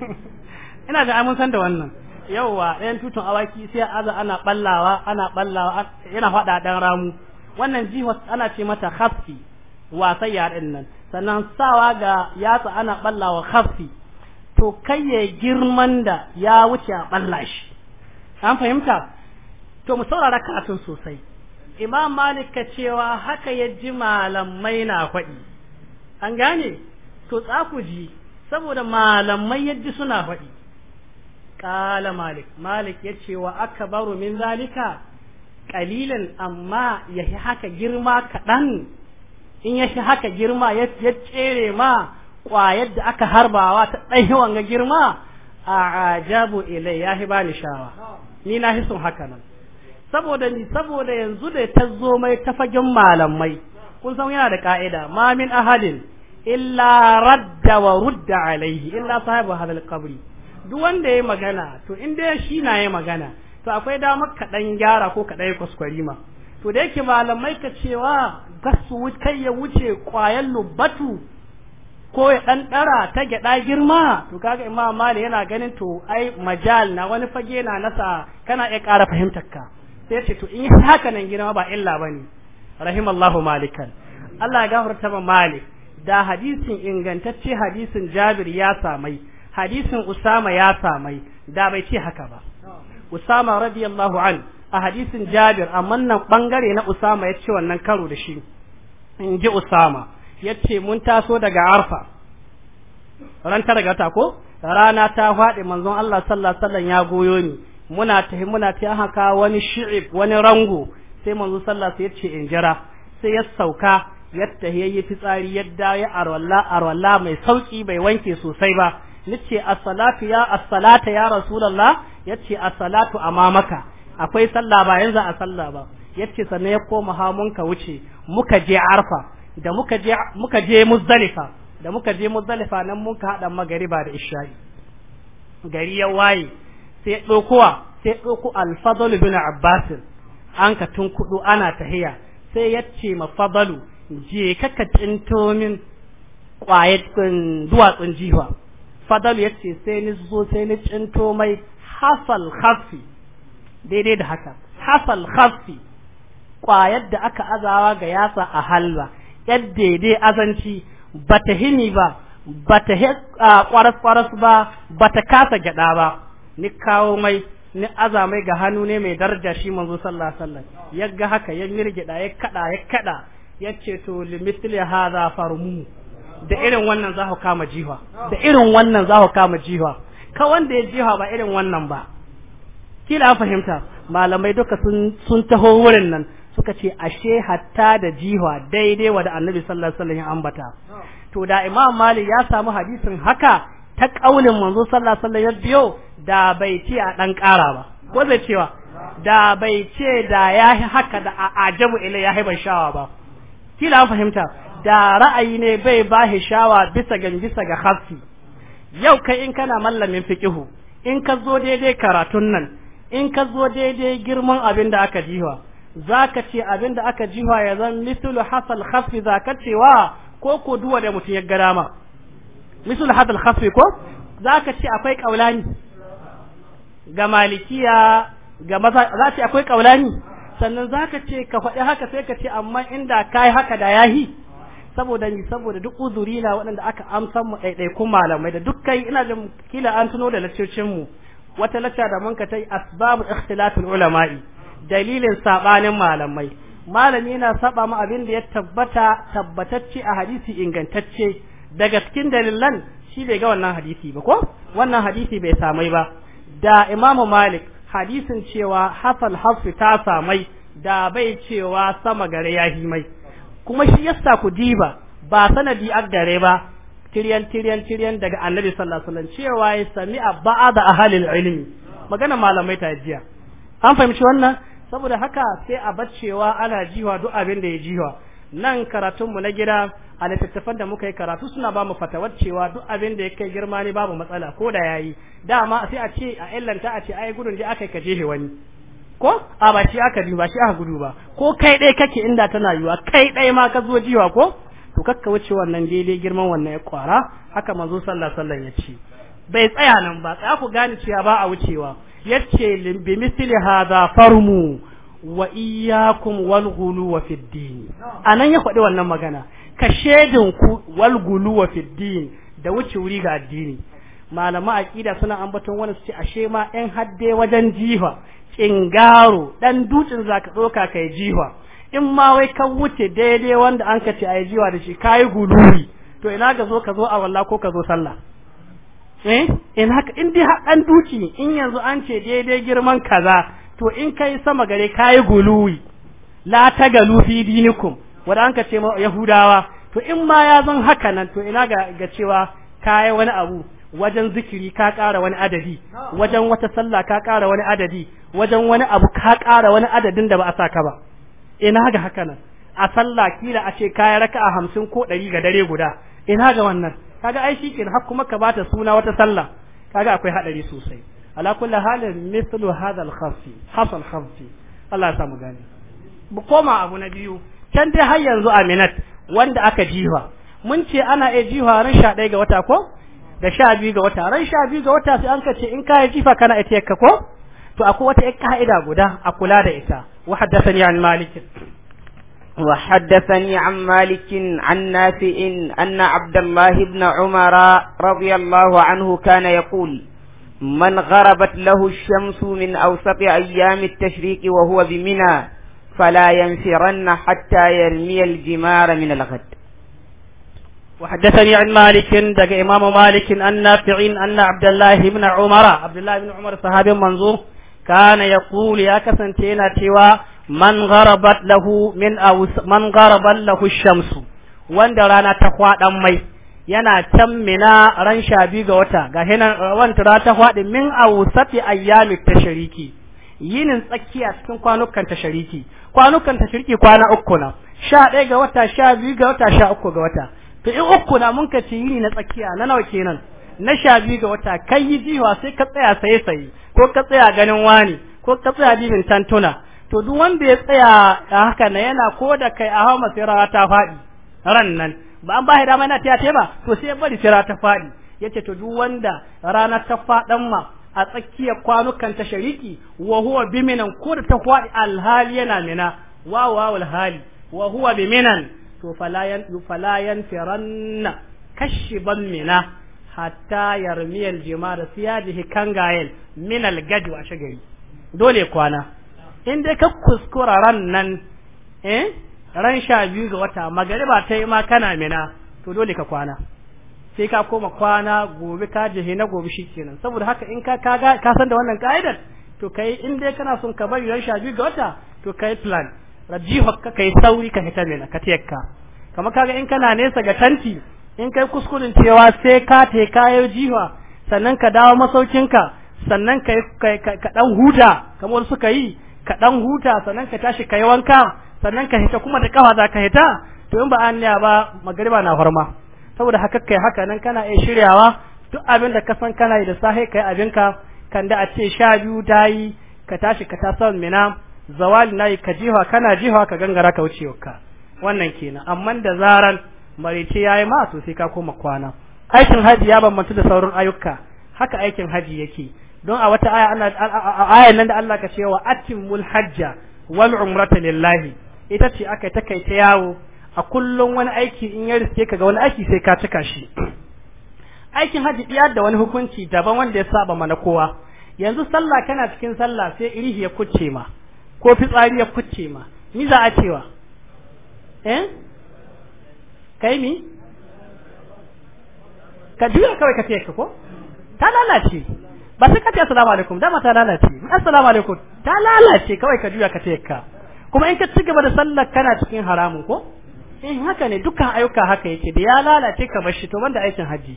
ina da amun san da wannan yauwa ɗayan tutun awaki sai aza ana ɓallawa ana ɓallawa yana faɗa ɗan ramu wannan jihar ana ce mata hafi wasai yaɗin nan sannan sawa ga yatsa ana ɓallawa hafi. to kai ya girman da ya wuce a ɓallashi shi an fahimta to mu saurara karatun sosai imam malik cewa haka ya ji malamai na faɗi an gane to tsaku ji saboda malamai ji suna faɗi ƙala malik malik ya ce wa aka baro min zalika Kalilan amma ya haka girma kaɗan in ya haka girma ya tsere ma kwayar da aka harbawa ta ɗan ga girma a ajabu ilai ya hi bani shawa ni na fi sun haka nan saboda ni saboda yanzu da ta zo mai ta fagen malamai kun san yana da ka'ida ma min ahadin illa radda wa rudda alaihi illa sahibu hadal qabri duk wanda yayi magana to in dai shi na yayi magana to akwai damar ka dan gyara ko ka dai kuskure ma to da yake malamai ka cewa gasu kai ya wuce kwayan lubatu ko ya dan dara ta gyada girma to kaga imam Mali yana ganin to ai majal na wani fage na nasa kana iya kara fahimtar ka sai ce to in haka nan girma ba illa bane rahimallahu malikan Allah ya gafarta ma malik da hadisin ingantacce hadisin jabir ya samai hadisin usama ya samai da bai ce haka ba usama radiyallahu an a hadisin jabir amma nan bangare na usama ya ce wannan karo da shi in ji usama yace mun taso daga arfa ran ta daga ta ko rana ta faɗi manzon Allah sallallahu alaihi wasallam ya goyo ni muna tahi muna ta haka wani shi'ib wani rango sai manzo sallallahu alaihi wasallam yace in jira sai ya sauka ya tahiyyi fitsari yadda ya arwalla arwalla mai sauki bai wanke sosai ba nace as-salatu ya as-salata ya rasulullah yace as-salatu amamaka akwai sallah ba yanzu a sallah ba yace sannan ya koma hamunka wuce muka je arfa da muka je muka je muzdalifa da muka je muzdalifa nan muka hada magariba da isha'i gari ya waye sai dokuwa sai doku al-fadl bin abbas an ka kudu ana tahiya sai yace ma fadalu je ka ka tinto min kwayatin duwatsun jiwa fadalu yace sai ni zo sai ni tinto mai hasal khafi daidai da haka hasal khafi kwayar da aka azawa ga yasa a halwa yar daidai azanci ba ta hini ba ba ta kwaras-kwaras ba ba ta kasa gyada ba ni kawo mai ni azamai ga hannu ne mai daraja shi manzo sallallahu alaihi wasallam haka ya mirgida ya kada ya kada ya ce to limithli hadha farmu da irin wannan za ku kama jiwa da irin wannan za ku kama jiwa ka wanda ya jiwa ba irin wannan ba kila fahimta malamai duka sun taho wurin nan suka ce ashe hatta da jiwa daidai wa da annabi sallallahu alaihi wasallam ambata to da imam malik ya samu hadisin haka ta kaulin manzo sallallahu alaihi wasallam ya biyo da bai ce a dan kara ba ko zai cewa da bai ce da ya haka da a ajabu ila ya haiban shawa ba kila an fahimta da ra'ayi ne bai ba shawa bisa ga bisa ga khaffi yau kai in kana mallamin fiqihu in ka zo daidai karatun nan in ka zo daidai girman abin da aka jiwa zaka ce abin da aka jiwa ya zan mislu hasal khafi zaka wa ko ko duwa da mutum ya gara ma mislu hasal khafi ko zaka ce akwai kaulani ga malikiya ga maza za ce akwai kaulani sannan zaka ce ka faɗi haka sai ka ce amma inda kai haka da yahi saboda ni saboda duk uzuri na waɗanda aka amsan mu ɗaiɗaikun malamai da dukkan ina da kila an tuno da lacocin mu wata lacca da mun ka tai asbabu ikhtilafil ulama'i dalilin sabanin malamai malami yana saba mu abin da ya tabbata tabbatacce a hadisi ingantacce daga cikin dalilan shi bai ga wannan hadisi ba ko wannan hadisi bai samai ba da imam malik hadisin cewa hafal hafi ta samai da bai cewa sama gare ya mai kuma shi yasa ku diba ba sanadi gare ba tiryan tiryan tiryan daga annabi sallallahu alaihi wasallam cewa ya sami da ahalil ilmi magana malamai ta jiya an fahimci wannan saboda haka sai a baccewa ana jiwa duk abin da ya jiwa nan karatunmu na gida a littattafan da muka yi karatu suna ba mu fatawar cewa duk abin da ya kai girma ne babu matsala ko da ya yayi dama sai a ce a illanta a ce ai gudun je aka yi kaje wani ko a ba shi aka bi ba shi aka gudu ba ko kai ɗaya kake inda tana yiwa kai ɗaya ma ka zo jiwa ko to kakka wuce wannan daidai girman wannan ya kwara haka manzo sallah sallan ya ce bai tsaya nan ba sai ku gane cewa ba a wucewa yace bi misli hadha farmu wa iyyakum wal wa fid din anan ya faɗi wannan magana ka shedin ku wal wa fid din da wuce wuri ga addini malama aqida suna ambaton wani su ce ashe ma ɗan hadde wajen jiha cingaro dan dutsen zaka doka kai jiha in ma wai ka wuce daidai wanda an ka ce ayi jiwa da shi kayi guluri to ina ga zo ka zo a walla ko ka zo sallah eh in haka dai haɗan duki in yanzu an ce daidai girman kaza to in kai sama gare yi guluwi la ta galu fi dinikum wanda an ka ce yahudawa to in ma ya zan haka nan to ina ga, ga cewa yi wani abu wajen zikiri ka ƙara wani adadi wajen wata sallah ka ƙara wani adadi wajen wani abu ka ƙara wani adadin da ba a saka ba ina ga haka nan a sallah kila a ce raka raka'a hamsin ko ɗari ga dare guda ina ga wannan kaga ai shikenan har kuma ka bata suna wata sallah kaga akwai hadari sosai ala kulli halin mithlu hadha al-khafi hasal khafi Allah ya samu gani mu koma abu na biyu can dai har yanzu aminat wanda aka jiwa mun ce ana iya jiwa ran 11 ga wata ko da 12 ga wata ran 12 ga wata sai an ka ce in ka jifa kana a yakka ko to akwai wata ka'ida guda a kula da ita wa haddathani an malikin وحدثني عن مالك عن نافع أن عبد الله بن عمر رضي الله عنه كان يقول من غربت له الشمس من أوسط أيام التشريق وهو بمنى فلا ينفرن حتى يرمي الجمار من الغد وحدثني عن مالك دق إمام مالك أن نافع أن عبد الله بن عمر عبد الله بن عمر صحابي منظور كان يقول يا كسنتين تواه man gharabat lahu min man gharabat lahu shamsu wanda rana ta kwadan mai yana can mina ran sha biyu ga wata ga hinan wanda rana ta kwaɗi min awsati ayyami tashriki yinin tsakiya cikin kwanukan tashriki kwanukan tashriki kwana uku na sha ɗaya ga wata sha biyu ga wata sha uku ga wata to in uku na mun ka ci yini na tsakiya na nawa kenan na sha ga wata kai yi jiwa sai ka tsaya saye saye ko ka tsaya ganin wani ko ka tsaya bibin tantuna to duk wanda ya tsaya a haka na yana ko da kai a hama sai rawa ta faɗi ran nan ba an ba shi dama yana ta yace ba to sai bari rawa ta faɗi yace to duk wanda rana ta faɗan ma a tsakiyar kwanukan ta shariki wa huwa biminan ko da ta faɗi alhali yana mina wa wa alhali wa huwa biminan to falayan falayan tiranna kashiban mina hatta yarmiyal jimar siyadihi kangayel minal gadu a shagari dole kwana in dai ka kuskura ran nan eh ran sha biyu ga wata magariba ta yi ma kana mina to dole ka kwana sai ka koma kwana gobe ka jihe na gobe shi kenan saboda haka in ka ka ka san da wannan ka'idar to kai in dai kana son ka bari ran sha biyu ga wata to kai plan rajihu ka kai sauri ka hita mina ka tiyakka kamar kaga in kana nesa ga tanti in kai kuskuren cewa sai ka te kayo jiwa sannan ka dawo masaukinka sannan ka ka dan huta kamar suka yi ka dan huta sannan ka tashi ka yi wanka sannan ka hita kuma da kafa za ka hita to in ba an niya ba magariba na farma saboda haka kai haka nan kana iya shiryawa duk abin da ka san kana yi da ka kai abinka kan da a ce sha biyu ta yi ka tashi ka tasa mina zawali na yi ka jiha kana jiha ka gangara ka wuce ka wannan kenan amma da zaran marice ya yi ma sosai ka koma kwana aikin haji ya bambanta da sauran ayyuka haka aikin haji yake don a wata aya ana ayan nan da Allah ka ce wa atimul hajja wal umrata lillahi ita ce aka ta kai ta yawo a kullum wani aiki in ya riske ka ga wani aiki sai ka cika shi aikin haji ya da wani hukunci daban wanda ya saba mana kowa yanzu sallah kana cikin sallah sai irihi ya kucce ma ko fitsari ya kucce ma ni za a cewa eh kai mi ka juya kawai ka ce ka ko ta lalace ba sai ka ce assalamu alaikum dama ta lalace assalamu alaikum ta lalace kawai ka juya ka ce ka kuma in ka ci gaba da sallar kana cikin haramun ko in eh, haka ne dukkan ayyuka haka yake da ya lalace ka bar shi to wanda aikin haji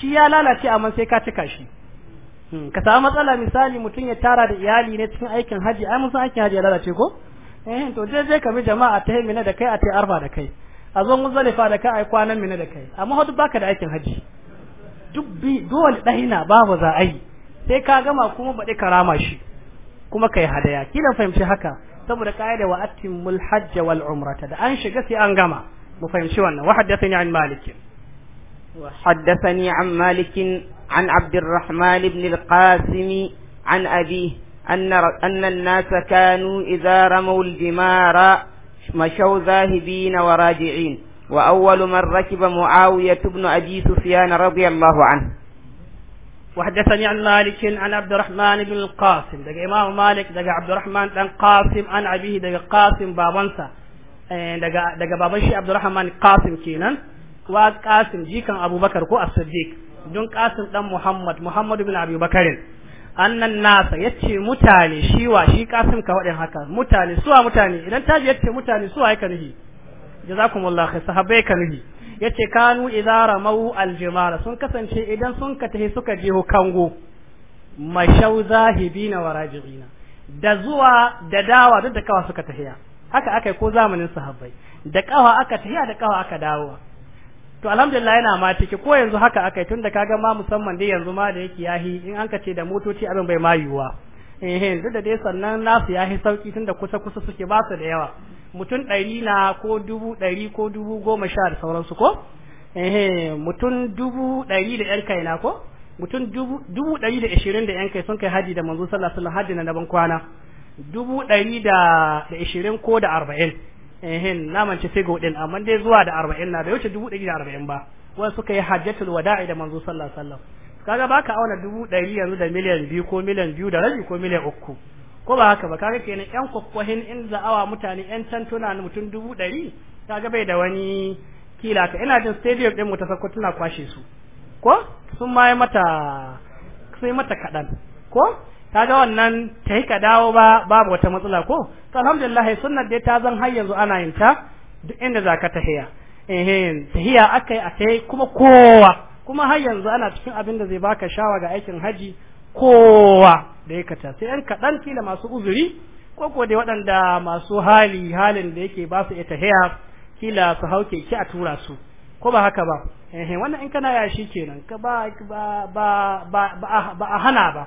shi ya lalace amma sai ka cika shi hmm, ka samu matsala misali mutum ya tara da iyali ne cikin aikin haji ai mun san aikin haji ya lalace ko eh to je je ka bi jama'a ta mina da kai a ta arba da kai a zo muzalifa da kai ai kwanan mina da kai amma hudu baka da aikin haji duk bi dole dahina babu za a yi sai ka gama kuma baɗi ka rama shi kuma kai hadaya kila fahimci haka saboda ka'ida wa atimul hajj wal umrata da an shiga sai an gama mu fahimci wannan wa haddathani an malik wa haddathani an malik an abdurrahman ibn al-qasim an abi أن أن الناس كانوا إذا رموا الجمار مشوا ذاهبين وراجعين وأول من ركب معاوية بن أبي سفيان رضي الله عنه وحدثني عن مالك عن عبد الرحمن بن القاسم دقى إمام مالك دقى عبد الرحمن بن قاسم عن أبيه دقى قاسم بابنسا دقى, دقى بابنشي عبد الرحمن قاسم كينا وقاسم جي كان أبو بكر كو الصديق دون قاسم دم محمد محمد بن أبي بكر أن الناس يتشي متاني شيوا شي قاسم كوالين هكا متاني سوى متاني إذا تاج يتشي متاني سوى هيك نهي جزاكم الله خير صحابي كنهي yace kanu idara mau aljimara sun kasance idan sun ka tafi suka jeho kango mashau zahibina wa raji'ina da zuwa da dawa duk da kawa suka tahiya haka akai ko zamanin sahabbai da kawa aka tahiya da kawa aka dawo to alhamdulillah yana ma ciki ko yanzu haka akai tunda kaga ma musamman dai yanzu ma da yake yahi in an kace da motoci abin bai mayuwa eh duk da dai sannan nasu yahi sauki tunda kusa kusa suke ba su da yawa mutum ɗari na ko dubu ɗari ko dubu goma sha da sauransu ko mutum dubu ɗari da yan kai na ko mutum dubu ɗari da ashirin da yan kai sun kai haji da manzo sallallahu alaihi haji na daban kwana dubu ɗari da ashirin ko da arba'in ehe na mance figo ɗin amma dai zuwa da arba'in na bai wuce dubu ɗari da arba'in ba wani suka yi hajjatul wada'i da manzo sallallahu alaihi wasallam kaga baka auna dubu ɗari yanzu da miliyan biyu ko miliyan biyu da rabi ko miliyan uku ko ba haka ba kaga kenan yan kwakwahin in awa mutane yan tantuna mutum dubu ɗari kaga bai da wani kila ka ina jin stadium ɗin mu ta sako tana kwashe su ko sun ma yi mata sun yi mata kaɗan ko kaga wannan ta yi ka dawo ba babu wata matsala ko to alhamdulillah sunnar dai ta zan har yanzu ana yin ta duk inda za ka tahiya eh tahiya akai a kuma kowa kuma har yanzu ana cikin abin da zai baka shawa ga aikin haji kowa da ya kata sai yan kaɗan kila masu uzuri ko ko dai waɗanda masu hali halin da yake ba su ita haya kila su hau keke a tura su ko ba haka ba ehe wannan in kana yashi kenan ka ba ba a hana ba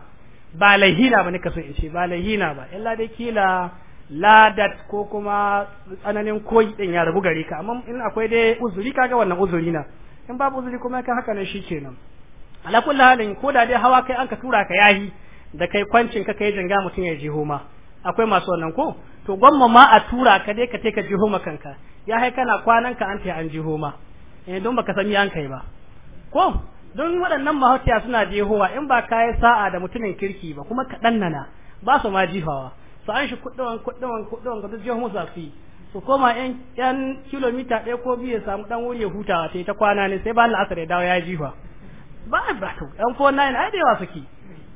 ba laihina ba nika so in ce ba laihina ba illa dai kila ladat ko kuma tsananin koyi din ya rabu gare ka amma in akwai dai uzuri kaga wannan uzuri na in babu uzuri kuma ka haka nan kenan. ala kulli halin ko da dai hawa kai an ka tura ka yahi da kai kwancin ka kai janga mutum ya jiho ma akwai masu wannan ko to gwamma ma a tura ka dai ka ka jiho ma kanka ya hai kana kwanan ka an an jiho ma eh don baka san an kai ba ko don waɗannan mahautiya suna jihowa in ba kayi sa'a da mutumin kirki ba kuma kaɗan nana ba su ma jihawa su an shi kuɗɗawan kuɗɗawan kuɗɗawan ga jihar musa su su koma yan yan kilomita ɗaya ko biyu ya samu ɗan wuri ya hutawa sai ta kwana ne sai ba la'asar ya dawo ya jiha ba ba to ɗan ko ai da yawa suke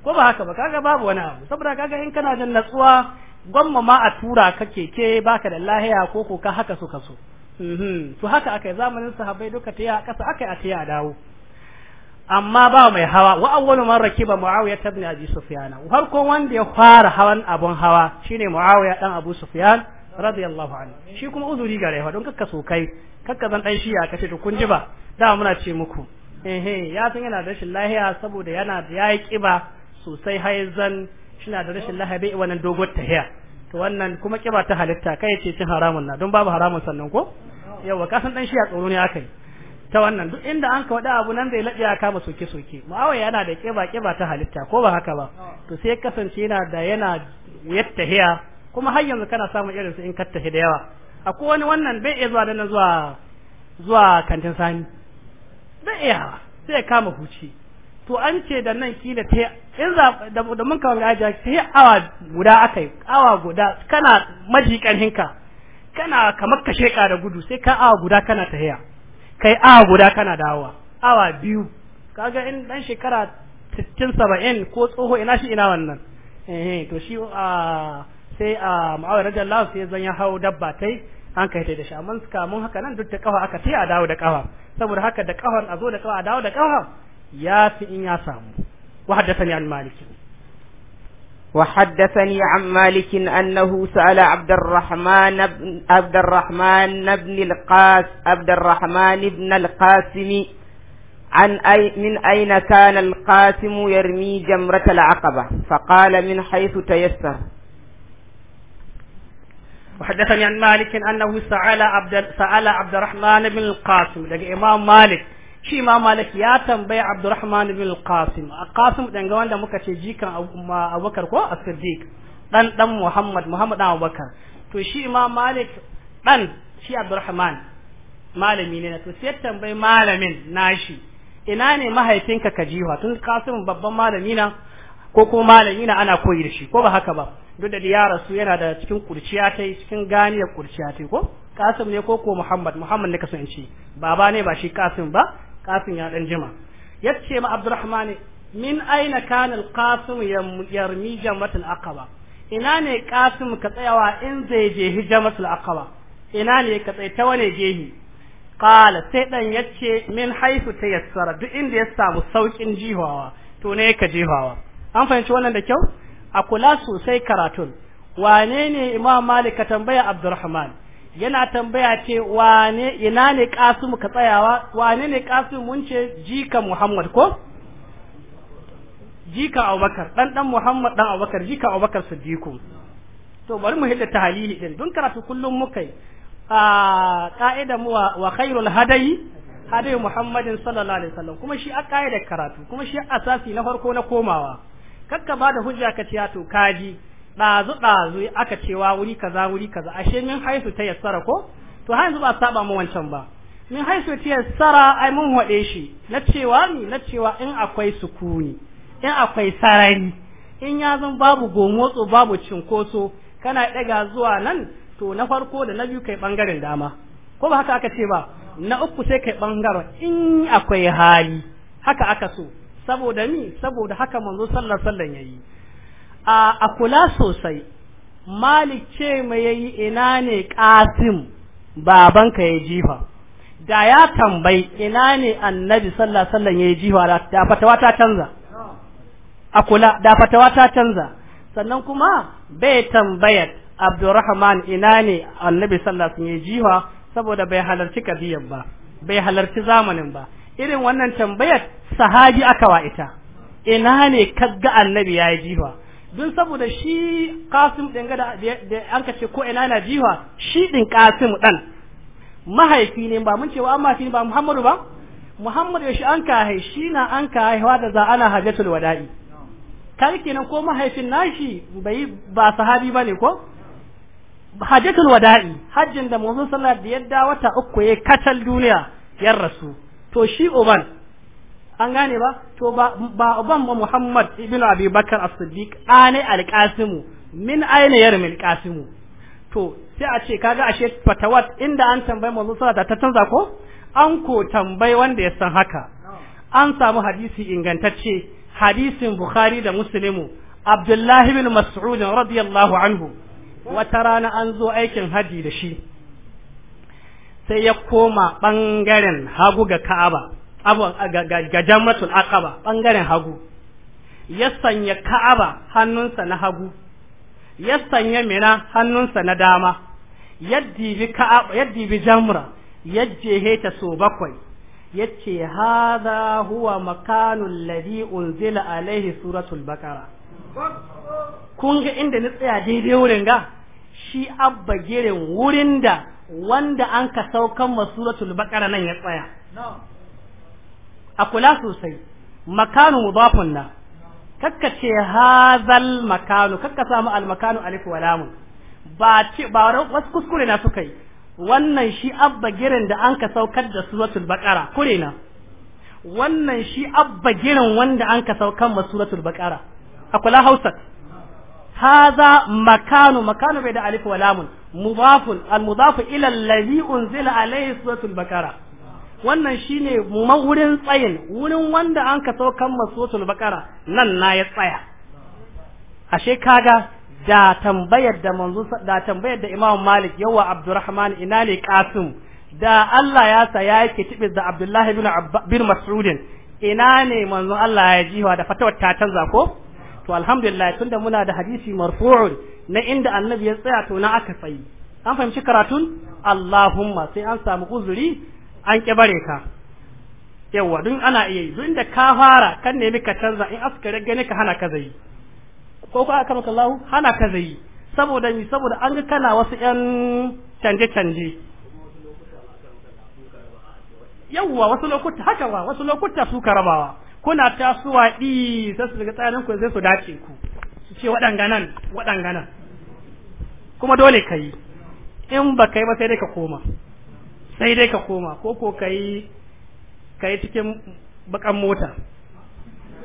ko ba haka ba kaga babu wani abu saboda kaga in kana da natsuwa gwamma ma a tura ka keke baka da lahiya ko ko ka haka suka so mhm. to haka akai zamanin sahabbai duka taya kasa akai a taya dawo amma ba mai hawa wa awwalu man rakiba muawiya ibn abi sufyan harkon wanda ya fara hawan abun hawa shine muawiya dan abu sufyan radiyallahu anhu shi kuma uzuri ga fa don kakka sokai kakka zan dan ya kace to kun ji ba da muna ce muku ehe ya san yana da rashin lahiya saboda yana da yayi kiba sosai haizan shina da rashin lahabi wannan dogon tahiya to wannan kuma kiba ta halitta kai ce cin haramun na don babu haramun sannan ko yawa ka san dan shi a tsoro ne akai ta wannan duk inda an ka wada abu nan zai lade ya kama soke soke muawiya yana da kiba kiba ta halitta ko ba haka ba to sai kasance yana da yana hiya kuma har yanzu kana samun irin su in ka tahi da yawa akwai wani wannan bai iya zuwa nan zuwa zuwa kantin sani bai iya sai ya kama huci to an ce da nan kila ta in za da mun kawo aji sai awa guda akai awa guda kana majikan hinka kana kamar ka sheka da gudu sai ka awa guda kana tahiya kai awa guda kana dawowa awa biyu kaga in dan shekara 60 70 ko tsoho ina shi ina wannan eh to shi a sai a ma'awar radiyallahu sai zan ya hawo dabba tai an kai ta da shi amma suka mun haka nan duk da kafa aka ce a dawo da kafa saboda haka da kafan a zo da kafa a dawo da kafa ya fi in ya samu وحدثني عن مالك وحدثني عن مالك أنه سأل عبد الرحمن بن عبد الرحمن بن القاس عبد الرحمن بن القاسم عن أي من أين كان القاسم يرمي جمرة العقبة فقال من حيث تيسر وحدثني عن مالك أنه سأل عبد سأل عبد الرحمن بن القاسم لقى إمام مالك shi ma malik ya tambaya abdurrahman ibn al-qasim qasim dan ga wanda muka ce jikan abubakar ko as-siddiq dan dan muhammad muhammad dan abubakar to shi ma malik dan shi abdurrahman malami ne to sai tambayi malamin nashi ina ne mahaifinka ka jiwa tun kasim babban malami na ko ko malami na ana koyi da shi ko ba haka ba duk da ya rasu yana da cikin kurciya ta cikin ganiyar kurciya ta ko Kasim ne ko ko Muhammad Muhammad ne kasance baba ne ba shi Kasim ba qasim ya dan jima yace ma abdurrahman min aina kana alqasim yarmi jamratul aqaba ina ne qasim ka tsayawa in zai je hijamatul aqaba ina ne ka tsaye ta wane jehi. qala sai dan yace min haythu tayassara duk inda ya samu saukin jihawa to ne ka jihawa an fahimci wannan da kyau a kula sosai karatun wane ne imam malik ka tambaya abdurrahman yana tambaya ce wane ina ne kasimu ka tsayawa wane ne kasimu mun ce jika muhammad ko jika abubakar dan dan muhammad dan abubakar jika abubakar Sadiku to bari mu hidda tahlili din dun karatu kullum mukai a ka'ida mu wa khairul hadayi hadayi muhammadin sallallahu alaihi wasallam kuma shi a qaida karatu kuma shi asasi na farko na komawa kakka ba da hujja ka ciya to kaji ɗazu ɗazu aka cewa wuri kaza wuri kaza ashe min haisu ta yassara ko to har yanzu ba saba mu wancan ba min haisu ta yassara ai mun haɗe shi na cewa ni na cewa in akwai sukuni in akwai sarari in ya zan babu gomotso babu cinkoso kana ɗaga zuwa nan to na farko da na biyu kai ɓangaren dama ko ba haka aka ce ba na uku sai kai ɓangaren in akwai hali haka aka so saboda ni saboda haka manzo sallar ya yayi a kula sosai malik ce mai yayi ina ne kasim babanka ya jifa da ya tambayi ina ne annabi sallallahu alaihi wasallam ya jifa da fatawa ta canza a kula da fatawa ta canza sannan kuma bai tambaya abdurrahman ina ne annabi sallallahu alaihi wasallam ya jifa saboda bai halarci kabiya ba bai halarci zamanin ba irin wannan tambayar sahabi aka wa ita ina ne kaga annabi ya jifa dun saboda shi kasim ɗin gada da an ko ina na jiwa shi ɗin kasim ɗan mahaifi ne ba mun cewa an mahaifi ba muhammadu ba muhammadu ya shi an ka haihu shi na an ka haihuwa da za ana hajjatul wada'i kar kenan ko mahaifin nashi bai ba sahabi ba ne ko hajjatul wada'i hajjin da manzon sallallahu da yadda wata uku ya katal duniya ya rasu to shi uban an gane ba to ba ban ba Muhammad ibn Abi Bakar As-Siddiq ane al-Qasim min ayna yarmi al-Qasim to sai a ce kaga ashe fatawat inda an tambayi manzo sallallahu ta canza ko an ko tambayi wanda ya san haka an samu hadisi ingantacce hadisin Bukhari da Muslimu Abdullah ibn Mas'ud radiyallahu anhu wata rana an zo aikin haji da shi sai ya koma bangaren hagu ga Ka'aba abu ga jammatul aqaba bangaren hagu ya sanya ka'aba hannunsa na hagu ya sanya mina hannunsa na dama ya dibi ka'aba ya jamra ya jehe ta so bakwai yace haza huwa makanun ladi unzila alaihi suratul bakara kun ga inda na tsaya daidai wurin ga shi abba girin wurin da wanda an ka saukan ma suratul bakara nan ya tsaya a kula sosai makanu mudafun na kakka ce hazal makanu kakka samu al makanu alif wa lam ba ce ba wasu kuskure na suka yi wannan shi abba girin da an ka saukar da suratul baqara kure na wannan shi abba girin wanda an ka saukar ma suratul baqara a kula hausa haza makanu makanu bai da alif wa lam mudafun al ila allazi unzila alayhi suratul baqara wannan shine wurin tsayin wurin wanda an ka saukan masotul bakara nan na ya tsaya ashe kaga da tambayar da manzo da tambayar da Imam Malik yawa Abdurrahman ina ne Qasim da Allah ya sa ya yake tibis da Abdullah ibn bin Mas'ud ina ne manzo Allah ya jiwa da fatawar ta canza ko to alhamdulillah tunda muna da hadisi marfu'un na inda annabi ya tsaya to na aka tsayi an fahimci karatun Allahumma sai an samu uzuri an ƙi bare ka Yawwa duk ana iya yi duk da ka fara kan nemi ka canza in askare gani ka hana ka zai ko ko aka maka Allah hana ka zai saboda ni saboda an ga kana wasu yan canje canje Yawwa wasu lokuta haka wa wasu lokuta su ka rabawa kuna tasowa ɗi sai su daga tsarin ku sai su dace ku su ce waɗanga nan waɗanga nan kuma dole ka yi in ba ka yi ba sai dai ka koma sai dai ka koma ko ko kai kai cikin bakan mota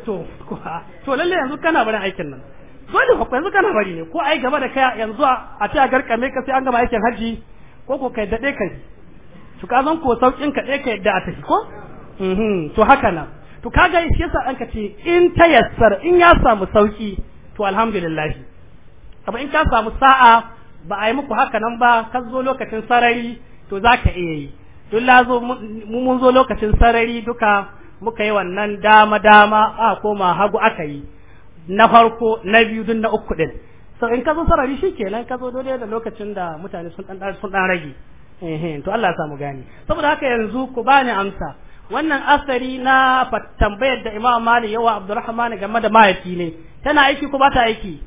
to to lalle yanzu kana barin aikin nan dole ko yanzu kana bari ne ko ai gaba da kai yanzu a ta garkame ka sai an gama aikin haji ko ko kai dade kai to ka zan ko saukin ka dai kai da a tafi ko mhm to haka nan to kaga shi yasa an ka ce in tayassar in ya samu sauki to alhamdulillah amma in ka samu sa'a ba a yi muku haka nan ba ka zo lokacin sarari to za ka iya yi tun lazo mun zo lokacin sarari duka muka yi wannan dama dama a koma hagu aka yi na farko na biyu dun na uku din so in ka zo sarari shikenan ka zo dole da lokacin da mutane sun dan sun dan rage eh to Allah ya samu gani saboda haka yanzu ku bani amsa wannan asari na tambayar da Imam Malik yawa Abdulrahman game da mahaifi ne tana aiki ko ba ta aiki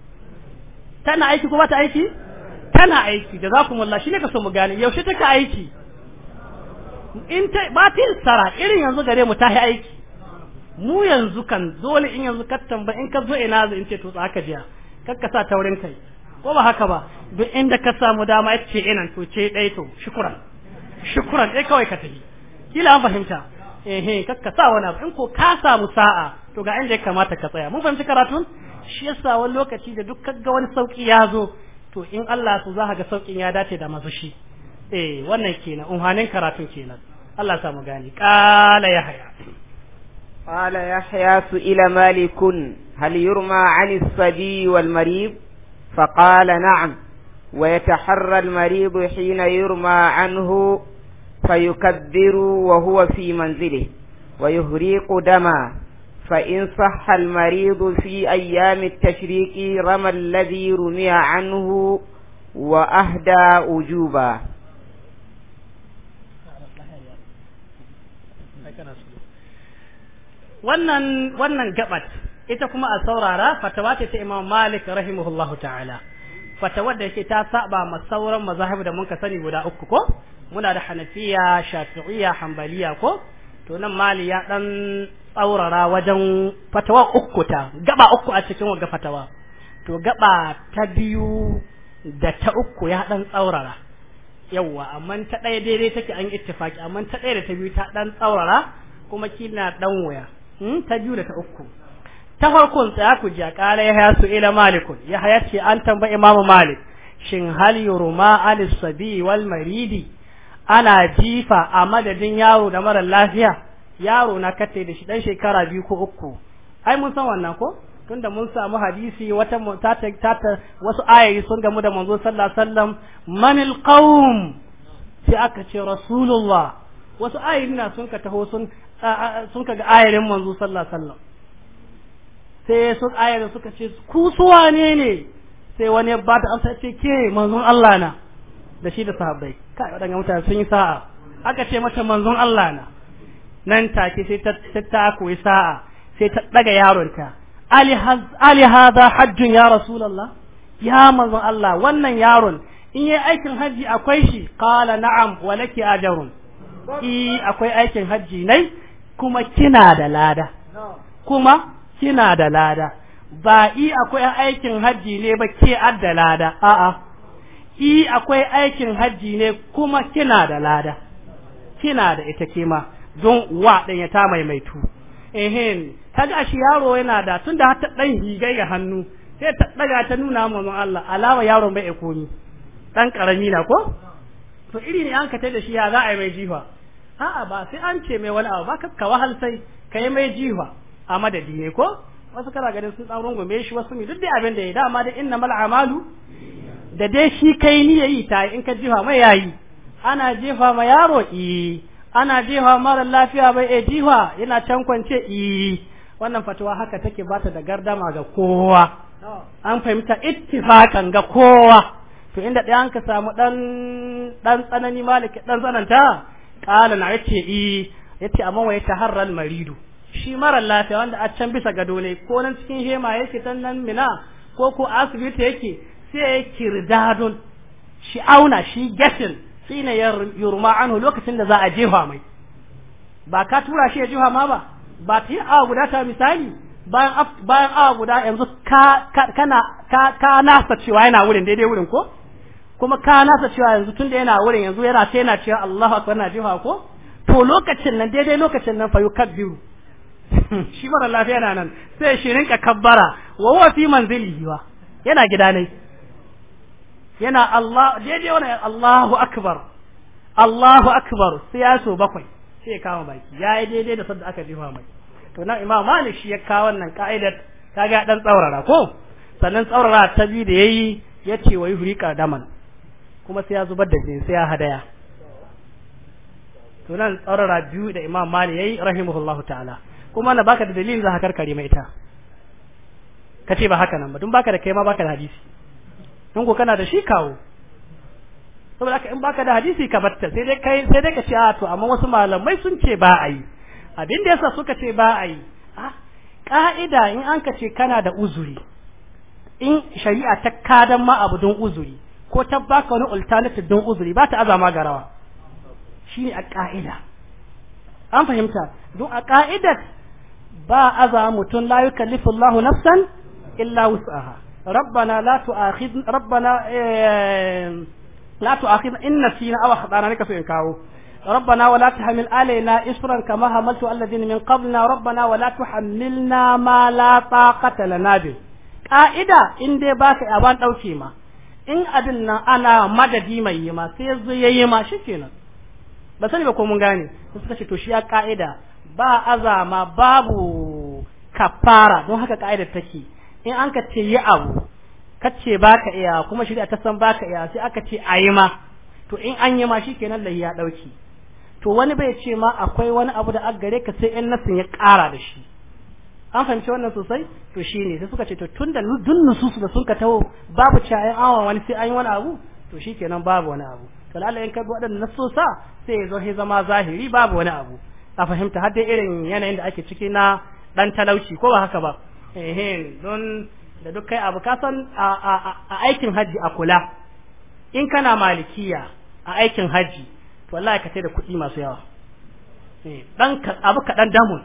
tana aiki ko ba ta aiki tana aiki da za ku mulla shi ne ka so mu gane yaushe take aiki in ta ba ta sara irin yanzu gare mu ta aiki mu yanzu kan dole in yanzu ka tamba in ka zo ina zan ce to tsaka jiya kakka ka sa taurin kai ko ba haka ba duk inda ka samu dama ya ce ina to ce dai to shukran shukran dai kawai ka tafi kila an fahimta ehe kakka ka sa wani abu in ko ka samu sa'a to ga inda ya kamata ka tsaya mun fahimci karatun shi yasa wani lokaci da duk kaga wani sauki ya zo to in Allah su za ga saukin ya dace da masu shi eh wannan kenan umhanin karatun kenan Allah samu gani qala yahya qala yahya su ila malikun hal yurma an as-sabi wal marib fa qala na'am wa yataharra al marid hina yurma anhu fayukabbiru wa huwa fi ويهريق دما فإن صح المريض في أيام التشريق رمى الذي رمي عنه وأهدى وجوبا wannan wannan gabat ita kuma a saurara fatawa ce ta Imam Malik rahimahullahu ta'ala fatawa da yake ta saba ma sauran mazahibu da mun ka sani guda uku ko muna da Hanafiya Shafi'iyya Hanbaliya ko to nan mali ya dan tsaurara wajen fatawa uku ta gaba uku a cikin wagga fatawa to gaba ta biyu da ta uku ya dan tsaurara yawa amma ta ɗaya daidai take an ittifaki amma ta ɗaya da ta biyu ta dan tsaurara kuma kina dan waya hmm? ta biyu da ta uku ta farkon tsaya ku ji kare ya hayasu su ila malikun ya haya ce an tambayi imamu malik shin hal yuruma al sabi wal maridi ana jifa a madadin yaro da mara lafiya yaro na kate da shi dan shekara biyu ko uku ai mun san wannan ko tunda mun samu hadisi wata tata tata wasu ayoyi sun gamu da manzo sallallahu alaihi wasallam manil qaum sai aka ce rasulullah wasu ayoyi na sun ka taho sun sun ga ayoyin manzo sallallahu alaihi wasallam sai sun ayoyi suka ce ku suwane ne sai wani ya bada amsa ce ke manzon Allah na da shi da sahabbai kai waɗannan mutane sun yi sa'a aka ce mata manzon Allah na nan take sai ta ta koyi sa'a sai ta daga yaronta ali haz ali hada ya rasulullah ya manzon Allah wannan yaron in yi aikin hajji akwai shi qala na'am walaki ajrun i akwai aikin hajji nai kuma kina da lada kuma kina da lada ba i akwai aikin hajji ne ba ke adda lada a'a i akwai aikin hajji ne kuma kina da lada kina da ita kima don wa ɗan ta maimaitu ehin shi yaro yana da tunda har ta ɗan higai ga hannu sai ta ɗaga ta nuna ma Allah alama yaron bai komi ɗan ƙarami na ko to iri ne an ka da shi ya za a yi mai jifa a'a ba sai an ce mai wani abu ba ka wahal sai ka yi mai jifa a madadi ne ko wasu kana ganin sun tsaron gome shi wasu mi duk da abin da ya dama da inna mal'amalu da dai shi kai ni yayi ta in ka jifa mai yayi ana jefa ma yaro i ana jefa mara lafiya bai e jifa yana can kwance i wannan fatuwa haka take bata da gardama ga kowa an fahimta ittifakan ga kowa to inda ɗaya an ka samu dan dan tsanani maliki dan tsananta kala na yace i yace amma wai taharral maridu shi mara lafiya wanda a can bisa gado ne ko nan cikin hema yake tannan nan mina ko ko asibiti yake sai kirdadun shi auna shi gashin shine yurma anhu lokacin da za a jefa mai ba ka tura shi ya jefa ma ba ba ta yi awa guda ta misali bayan awa guda yanzu kana ka nasa cewa yana wurin daidai wurin ko kuma ka nasa cewa yanzu tun da yana wurin yanzu yana ta yana cewa Allahu akbar na jefa ko to lokacin nan daidai lokacin nan fa yukabbiru shi mara lafiya na nan sai shi rinka kabbara wa huwa fi manzilihi wa yana gidanai yana Allah daidai wani Allahu akbar Allahu akbar sai ya so bakwai sai ya kama baki yi daidai da sadda aka jima mai to nan Imam Malik shi ya kawo wannan ka'idar ta ga dan tsaurara ko sannan tsaurara ta bi da yayi yace wa da man kuma sai ya zubar da jini sai ya hadaya to nan tsaurara biyu da Imam Malik yayi rahimahullahu ta'ala kuma na baka da dalilin za ka karkare mai ita kace ba haka nan ba dun baka da kai ma baka da hadisi in ko kana da shi kawo saboda haka in baka da hadisi ka batta sai dai kai sai dai ka ce a to amma wasu malamai sun ce ba a yi abin da yasa suka ce ba a yi ka'ida in an ka ce kana da uzuri in shari'a ta kadan ma abu don uzuri ko ta baka wani alternative don uzuri ba ta azama ga rawa shine a ka'ida an fahimta don a ka'idar ba aza mutum la yukallifu Allahu nafsan illa wus'aha ربنا لا تؤاخذنا ربنا إيه لا تؤاخذنا إن نسينا أو أخطأنا لك في إنكاو ربنا ولا تحمل علينا إصرا كما حملت الذين من قبلنا ربنا ولا تحملنا ما لا طاقة لنا به قاعدة إن دي باك أبان أو شيما in abin nan ana madadi mai yima sai yanzu ya yima shi kenan ba sani ba ko mun gane suka ce to shi ya ka'ida ba azama babu kafara don haka ka'idar take in an ka ce yi abu ka ce ba ka iya kuma shirya ta san ba ka iya sai aka ce a yi ma to in an yi ma ke nan ya ɗauki to wani bai ce ma akwai wani abu da aka gare ka sai in nasin ya ƙara da shi an fahimci wannan sosai to shi ne sai suka ce to tun da dun nususu da sun ka taho babu a yi awon wani sai an yi wani abu to shi nan babu wani abu to lalle in ka bi waɗannan nasosa sai ya zo sai zama zahiri babu wani abu a fahimta har dai irin yanayin da ake ciki na ɗan talauci ko ba haka ba Ehen don da duk kai abu kasan a aikin hajji a kula in kana malikiya a aikin hajji to wallahi ka sai da kuɗi masu yawa dan eh, abu kaɗan damun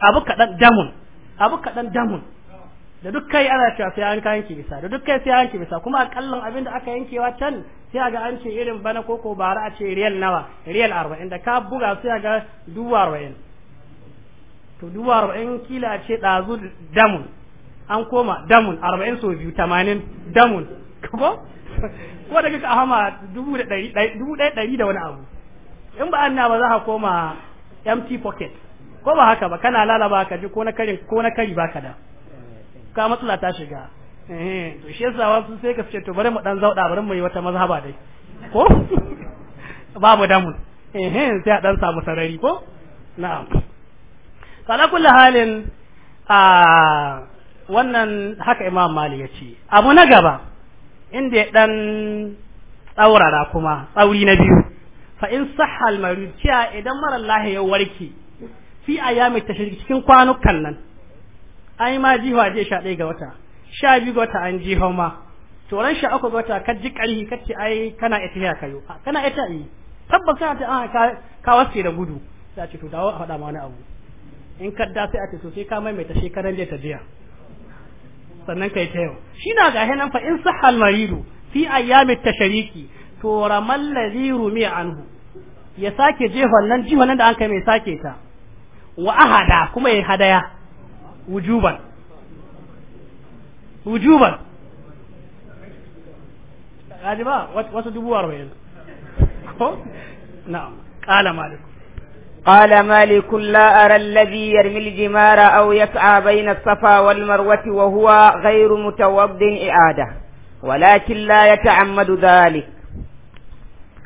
abu kaɗan damun abu kaɗan damun da duk kai ana cewa sai an yanke bisa da duk kai sai yanke bisa kuma akallan abin da aka yankewa can sai ga an ce irin bana koko bara a ce riyal nawa riyal arba'in da ka buga sai ga dubu arba'in to dubu arba'in kila a ce ɗazu damun an koma damun arba'in so biyu tamanin damun ko ko da kika hama dubu ɗaya ɗari da wani abu in ba anna ba za ka koma empty pocket ko ba haka ba kana lalaba ka ji ko na kari ko na kari baka da ka matsala ta shiga eh to shi yasa wasu sai ka ce to bari mu dan zauda bari mu yi wata mazhaba dai ko babu damun eh sai a dan samu sarari ko na'am fala halin a wannan haka imam mali ya ce abu na gaba inda ya dan tsaurara kuma tsauri na biyu fa in sa al idan mara lahi ya warke fi mai tashrik cikin kwanukan nan an yi ma a je sha ɗaya ga wata sha biyu ga wata an jiho ma to ran sha uku ga wata ka ji ƙarfi ka ce ai kana ita ya kayo kana ita yi tabbas kana ta ka waske da gudu sai a ce to dawo a faɗa ma wani abu in ka da sai a ce to sai ka maimaita shekaran da ta jiya sannan kai ta yau shi na ga hinan fa in sahal maridu fi ayyami tashariki to ramal ladhi rumi anhu ya sake jihon nan jihon nan da an kai mai sake ta wa ahada kuma ya hadaya wujuban wujuban Ajiba, wasu dubuwar arba'in ko na'am qala malik قال مالك لا أرى الذي يرمي الجمار أو يسعى بين الصفا والمروة وهو غير متوض إعادة ولكن لا يتعمد ذلك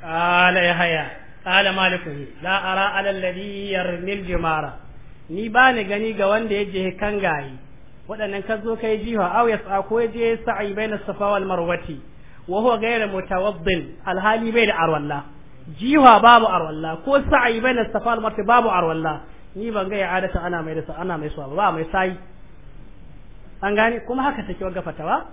قال يحيى قال مالك لا أرى على الذي يرمي الجمار ni ba ni gani ga wanda ya je kan gayi waɗannan ka zo kai jiha aw ya sa ko je sa'i baina safa wal marwati wa huwa ghayr mutawaddin alhali bai da arwalla jiwa babu arwalla ko sa'i bainas safa wal babu arwalla ni ban ga i'adata ana mai da ana mai suwa ba mai sai an gane kuma haka take wagga fatawa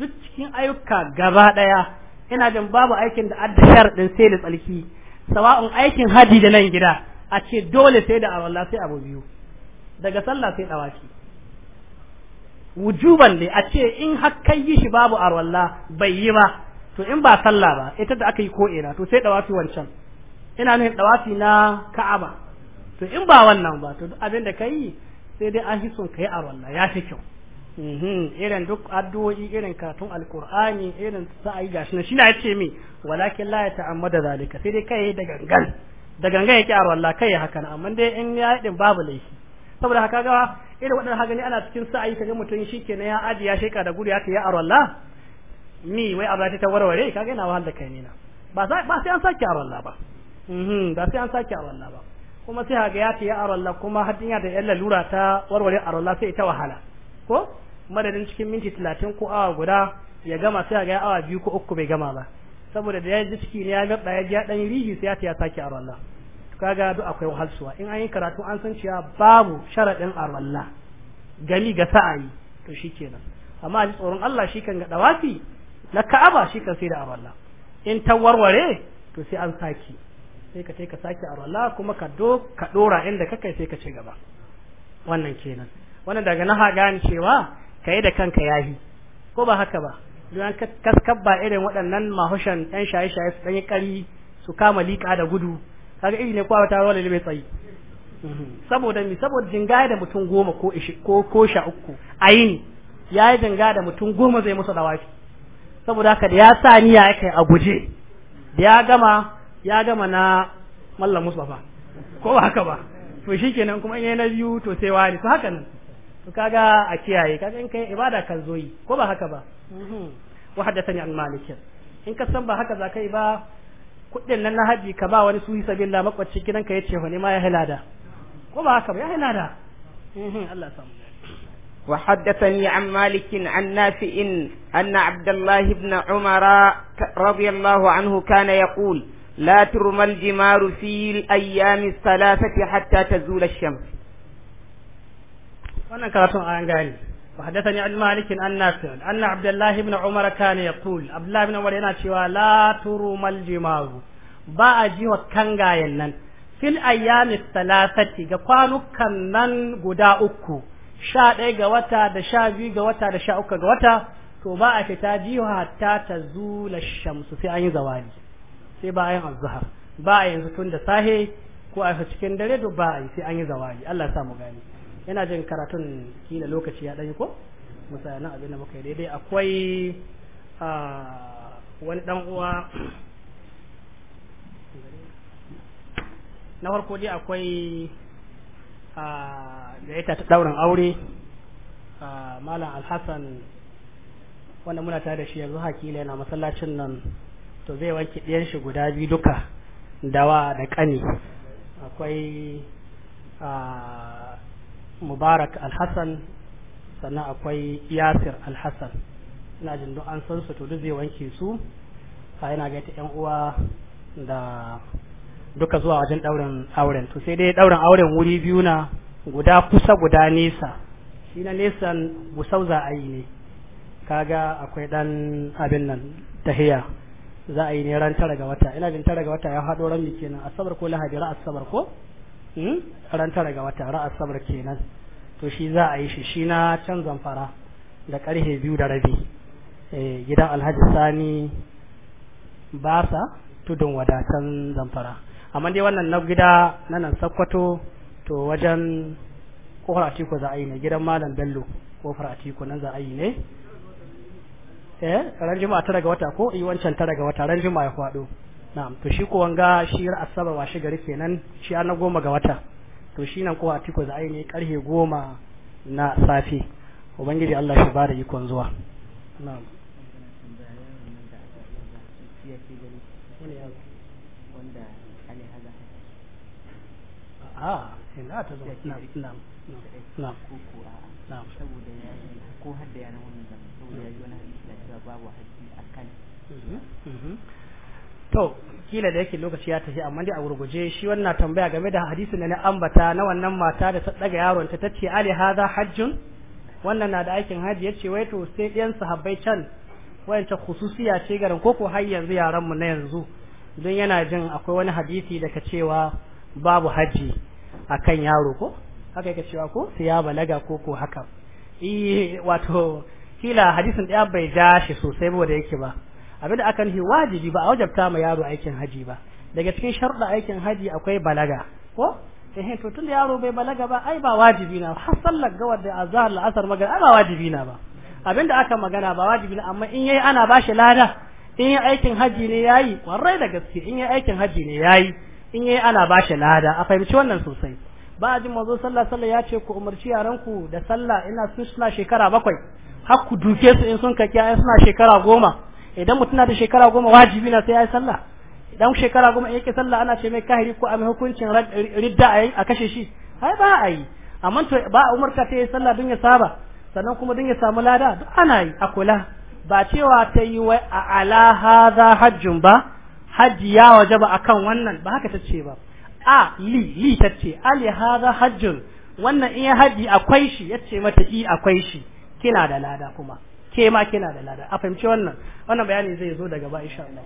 duk cikin ayyuka gaba daya ina jin babu aikin da adda din sai da tsalki sawa'un aikin haji da nan gida a ce dole sai da arwalla sai abu biyu daga sallah sai dawaki wujuban ne a ce in har yi shi babu arwalla bai yi ba to in ba sallah ba ita da aka yi ko ina to sai dawafi wancan ina nufin dawafi na ka'aba to in ba wannan ba to duk abin da kai sai dai an hison kai a wannan ya fi kyau mhm, irin duk addu'o'i irin karatun alqur'ani irin sa a yi gashi na shi na yace mi walakin la ya ta'ammada zalika sai dai kai da gangan da gangan yake a wallah kai haka amma dai in ya din babu laifi saboda haka ga irin waɗannan hagani ana cikin sa'ayi kaga mutum shikenan ya aji ya sheka da gudu ya ta ya arwallah mi wai abata ta warware kaga yana wahal da kai nina ba sai an sake arwalla ba mhm, ba sai an sake arwalla ba kuma sai haga ya ce ya kuma har da yalla lura ta warware arwalla sai ita wahala ko madadin cikin minti talatin ko awa guda ya gama sai haga awa biyu ko uku bai gama ba saboda da ya ji ciki ne ya gaba ya ji ya dan rihi sai ya ta ya sake ka kaga duk akwai wahalsuwa in an yi karatu an san cewa babu sharaɗin arwalla gami ga sa'ayi to shikenan amma a ji tsoron Allah shi kan ga dawafi na ka'aba shi kan sai da arwalla in ta warware to sai an saki sai ka ka saki arwalla kuma ka do ka dora inda ka kai sai ka ci gaba wannan kenan wannan daga na haga cewa kai da kanka yahi ko ba haka ba don kaskabba irin waɗannan mahushan ɗan shaye-shaye su ɗanyi ƙari su kama liƙa da gudu kaga iri ne kwa ta wala mai tsayi saboda mi saboda jinga da mutum goma ko ko sha uku a yini ya yi jinga da mutum goma zai musu dawafi saboda haka da ya sa niyya ya kai a guje da ya gama ya gama na mallam mustafa ko ba haka ba to shikenan kuma in na biyu to sai wani to haka nan to kaga a kiyaye kaga in kai ibada kan zoyi ko ba haka ba mhm. wa ni an malik in ka san ba haka za kai ba kuɗin nan na haji ka ba wani suhi sabilla makwacci gidanka yace ho ne ma ya halada ko ba haka ba ya halada mhm. Allah samu وحدثني عن مالك عن نافع أن عبد الله بن عمر رضي الله عنه كان يقول لا ترمى الجمار في الأيام الثلاثة حتى تزول الشمس wannan karatun an gani wa hadatha ni al-malik an nafi anna abdullah ibn umar kana yaqul abdullah ibn umar yana cewa la turu mal ba a ji wa kangayen nan fil ayyami thalathati ga kwanukan nan guda uku sha ɗaya ga wata da sha biyu ga wata da sha uku ga wata to ba a fita jiho hatta ta zula shamsu sai an yi zawali sai ba a yin azhar ba a yanzu tun da sahe ko a cikin dare to ba a yi sai an yi zawali Allah ya sa mu gani yana jin karatun kila lokaci ya ɗanyi ko musa na abin da muka yi daidai akwai ah, wani dan uwa na farko dai akwai da ita ta daurin aure malam alhassan wanda muna tare da shi yanzu hakila yana masallacin nan to zai wanke ɗiyan shi guda biyu duka dawa da ƙani akwai mubarak alhassan sannan akwai yasir alhassan ina jin don an san su to duk zai wanke su a yana gaita yan uwa da duka zuwa wajen ɗaurin auren to sai dai ɗaurin auren wuri biyu na guda kusa guda nesa shi na nesan busau za a yi ne kaga akwai ɗan abin nan tahiya za a yi ne ran tara ga wata ina jin tara ga wata ya haɗo ran mi kenan asabar ko lahadi ra asabar ko hmm? ran tara ga wata ra asabar kenan to shi za a yi shi shi na can zamfara da karhe biyu da rabi eh, gidan alhaji sani basa tudun wadatan zamfara amma dai wannan na gida na nan sakkwato to wajen kofar atiku za a yi ne gidan malam bello kofar atiku nan za a yi ne eh ran juma'a tara ga wata ko yi wancan tara ga wata ran juma'a ya kwado na'am to shi ko wanga shi asaba wa shi gari kenan shi na goma ga wata to shi nan kofar atiku za a yi ne karhe goma na safe ubangiji Allah shi bada ikon zuwa na'am ina ah, eh, ta zama saboda ko har da wani hadisi da cewa babu akan mhm, mhm. to kila da yake lokaci ya tafi amma dai a gurguje shi wannan tambaya game da hadisin da na ambata na wannan mata da ta daga yaron ta tace ali hadha hajjun wannan na da aikin haji yace wai to sai ɗiyan sahabbai can wayance khususiya ce garin koko har yanzu yaran mu na yanzu don yana jin akwai wani hadisi daga cewa babu hajji. akan yaro ko haka yake cewa ko sai balaga ko ko haka eh wato kila hadisin daya bai ja shi sosai ba da yake ba abinda aka nufi wajibi ba a wajabta ma yaro aikin haji ba daga cikin sharɗa aikin haji akwai balaga ko eh to tun yaro bai balaga ba ai ba wajibi na har sallar gawar da azhar la'asar magana ai ba wajibi na ba da aka magana ba wajibi na amma in yayi ana bashi lada in yi aikin haji ne yayi kwarai da gaske in yi aikin haji ne yayi in yayi ana ba shi lada a fahimci wannan sosai ba jin manzo sallah sallah ya ce ku umarci yaranku da sallah ina su suna shekara bakwai har ku duke su in sun kaki ai suna shekara goma idan mutum na da shekara goma wajibi na sai ya yi sallah idan shekara goma yake sallah ana ce mai kahiri ko amin hukuncin ridda a kashe shi ai ba a yi amma to ba umarta ta yi sallah don ya saba sannan kuma don ya samu lada duk ana yi a kula ba cewa ta yi wai a ala hadha hajjun ba hajji ya waje a akan wannan ba haka ta ce ba a li li ce ali hadha hajjun wannan in ya haji akwai shi ya ce mata i akwai shi kina da lada kuma ke ma kina da lada a fahimci wannan wannan bayani zai zo daga ba insha Allah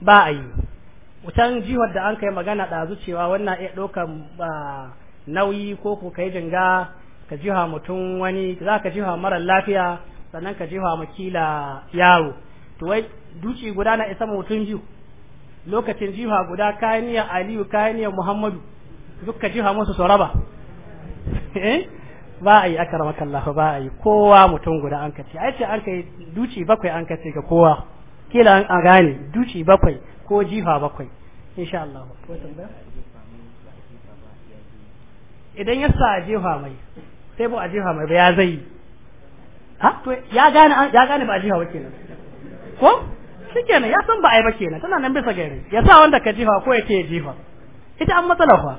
ba a yi wutan jihar da an kai magana ɗazu cewa wannan iya ɗaukar nauyi ko ko kai jinga ka jiha mutum wani za ka jiha marar lafiya sannan ka jefa makila yaro to wai duci guda na isa mutum biyu lokacin jiha guda kayaniyar aliyu kayaniyar muhammadu duk ka jiha musu su raba eh? ba a yi aka rama ba a yi kowa mutum guda an kace ce ai ce an kai duci bakwai an kace ga kowa kila an gane duci bakwai ko jiha bakwai insha Allah idan ya sa a jefa mai sai bu a jefa mai ba ya zai ha to ya gane ya gane ba jiha wake nan ko shikenan ya san ba ai ba kenan tana nan bisa gare ya sa wanda ka jiha ko yake jiha ita an matsala fa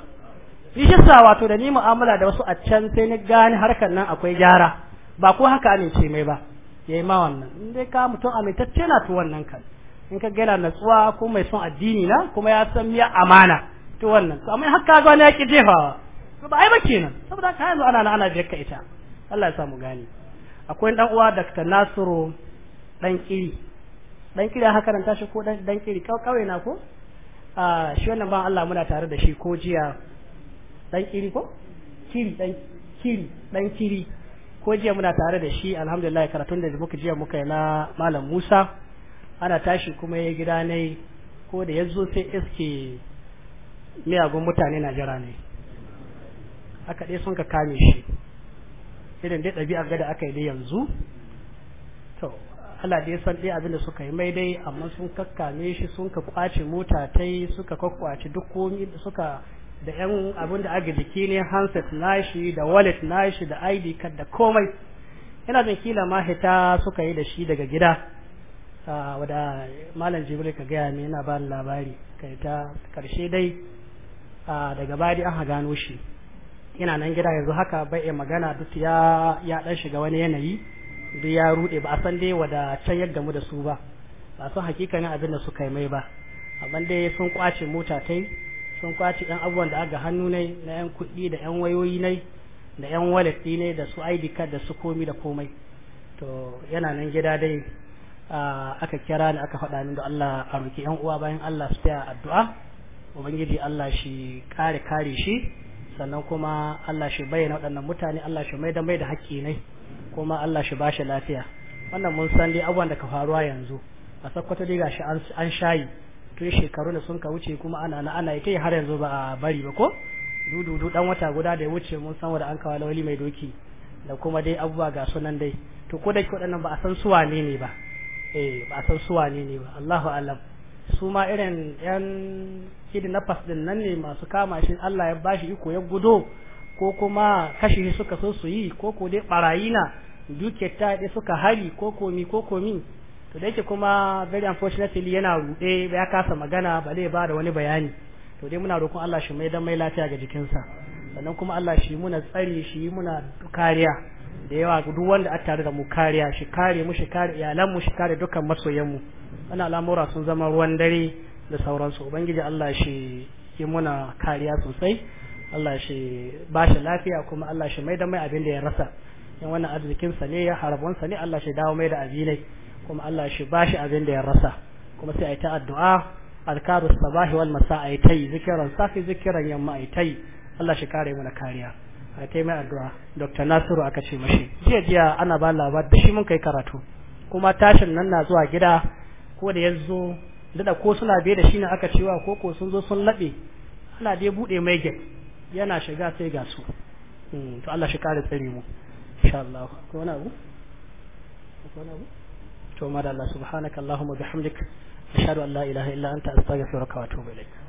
ni shi sa wato da ni mu'amala da wasu a can sai ni gane harkar nan akwai gyara ba ko haka ce mai ba yayi ma wannan in dai ka mutum amintacce na to wannan kan in ka gaina natsuwa ko mai son addini na kuma ya san ya amana to wannan to amma haka ga ne yake jefawa ba ai ba kenan saboda ka yanzu ana ana biyar ka ita Allah ya sa mu gane akwai dan uwa Dr. Nasiru dan kiri dan kiri haka karanta shi ko dan dan kiri kawai na ko a shi wannan ba Allah muna tare da shi ko jiya dan kiri ko kiri dan kiri dan kiri ko jiya muna tare da shi alhamdulillah karatun da muka jiya muka yi na malam Musa ana tashi kuma ya gida ne ko da ya zo sai iske miyagun mutane na jira ne haka dai sun ka kame shi irin dai ɗabi'ar gada aka yi dai yanzu to Allah da ya san dai abin da suka yi mai dai amma sun kakkame shi sun ka kwace mota ta yi suka kwakwace duk komi suka da yan abin da aga jiki ne handset nashi da wallet nashi da ID card da komai ina jin kila ma hita suka yi da shi daga gida ah, wada malam jibril ka gaya ne yana ba labari kai ta karshe dai ah, daga bari an gano shi ina nan gida yanzu haka bai iya magana duk ya ya dan shiga wani yanayi duk ya rude ba a san dai wada can yadda mu da su ba ba san hakikanin abin da suka yi mai ba amma dai sun kwace mota tai sun kwace yan abuwan da aga hannu nai na yan kuɗi da yan wayoyi nai da yan wallet ne da su ID card da su komi da komai to yana nan gida dai aka kira ni aka faɗa min da Allah a roki yan uwa bayan Allah su taya addu'a ubangiji Allah shi kare kare shi sannan kuma Allah shi bayyana waɗannan mutane Allah shi mai da mai da haƙƙi ne kuma Allah shi bashi lafiya wannan mun san dai abubuwan da ka faruwa yanzu a sakkwato dai gashi an shayi tun shekaru da sun ka wuce kuma ana na ana yake har yanzu ba a bari ba ko dududu dan wata guda da ya wuce mun san wanda an kawo lawali mai doki da kuma dai abubuwa ga sunan dai to ko da ke waɗannan ba a san su wane ne ba eh ba a san su wane ne ba Allahu alam su ma irin yan na din nan ne masu kama shi Allah ya bashi iko ya gudo ko kuma kashe shi suka so su yi ko ko dai barayi na duke ta dai suka hari ko ko mi ko ko mi to da yake kuma very unfortunately yana rude ya kasa magana ba zai ba da wani bayani to dai muna roƙon Allah shi mai dan mai lafiya ga jikinsa sannan kuma Allah shi muna tsari shi muna kariya da yawa duk wanda a tare da mu kariya shi kare mu shi kare iyalan mu shi kare dukkan masoyan mu Ana al'amura sun zama ruwan dare da sauransu ubangiji Allah shi yi muna kariya sosai Allah shi ba shi lafiya kuma Allah shi mai da mai abin da ya rasa in wannan arzikin sa ne ya harabon sa ne Allah shi dawo mai da abinai kuma Allah shi ba shi abin da ya rasa kuma sai a yi ta addu'a alkaru sabahi wal masa a yi ta yi zikiran safi zikiran yamma a yi ta yi Allah shi kare mana kariya a ta yi mai addu'a Dr. Nasiru aka ce mashi jiya jiya ana ba labar da shi mun kai karatu kuma tashin nan na zuwa gida ko da zo daɗa ko suna bai da shi ne aka cewa ko ko sun zo sun labe ana dai buɗe mai gate yana shiga sai ga su hmm, to Allah shi kare tsare mu insha Allah ko wani abu ko wani abu to madalla subhanaka allahumma ashhadu an la ilaha illa anta astaghfiruka wa atubu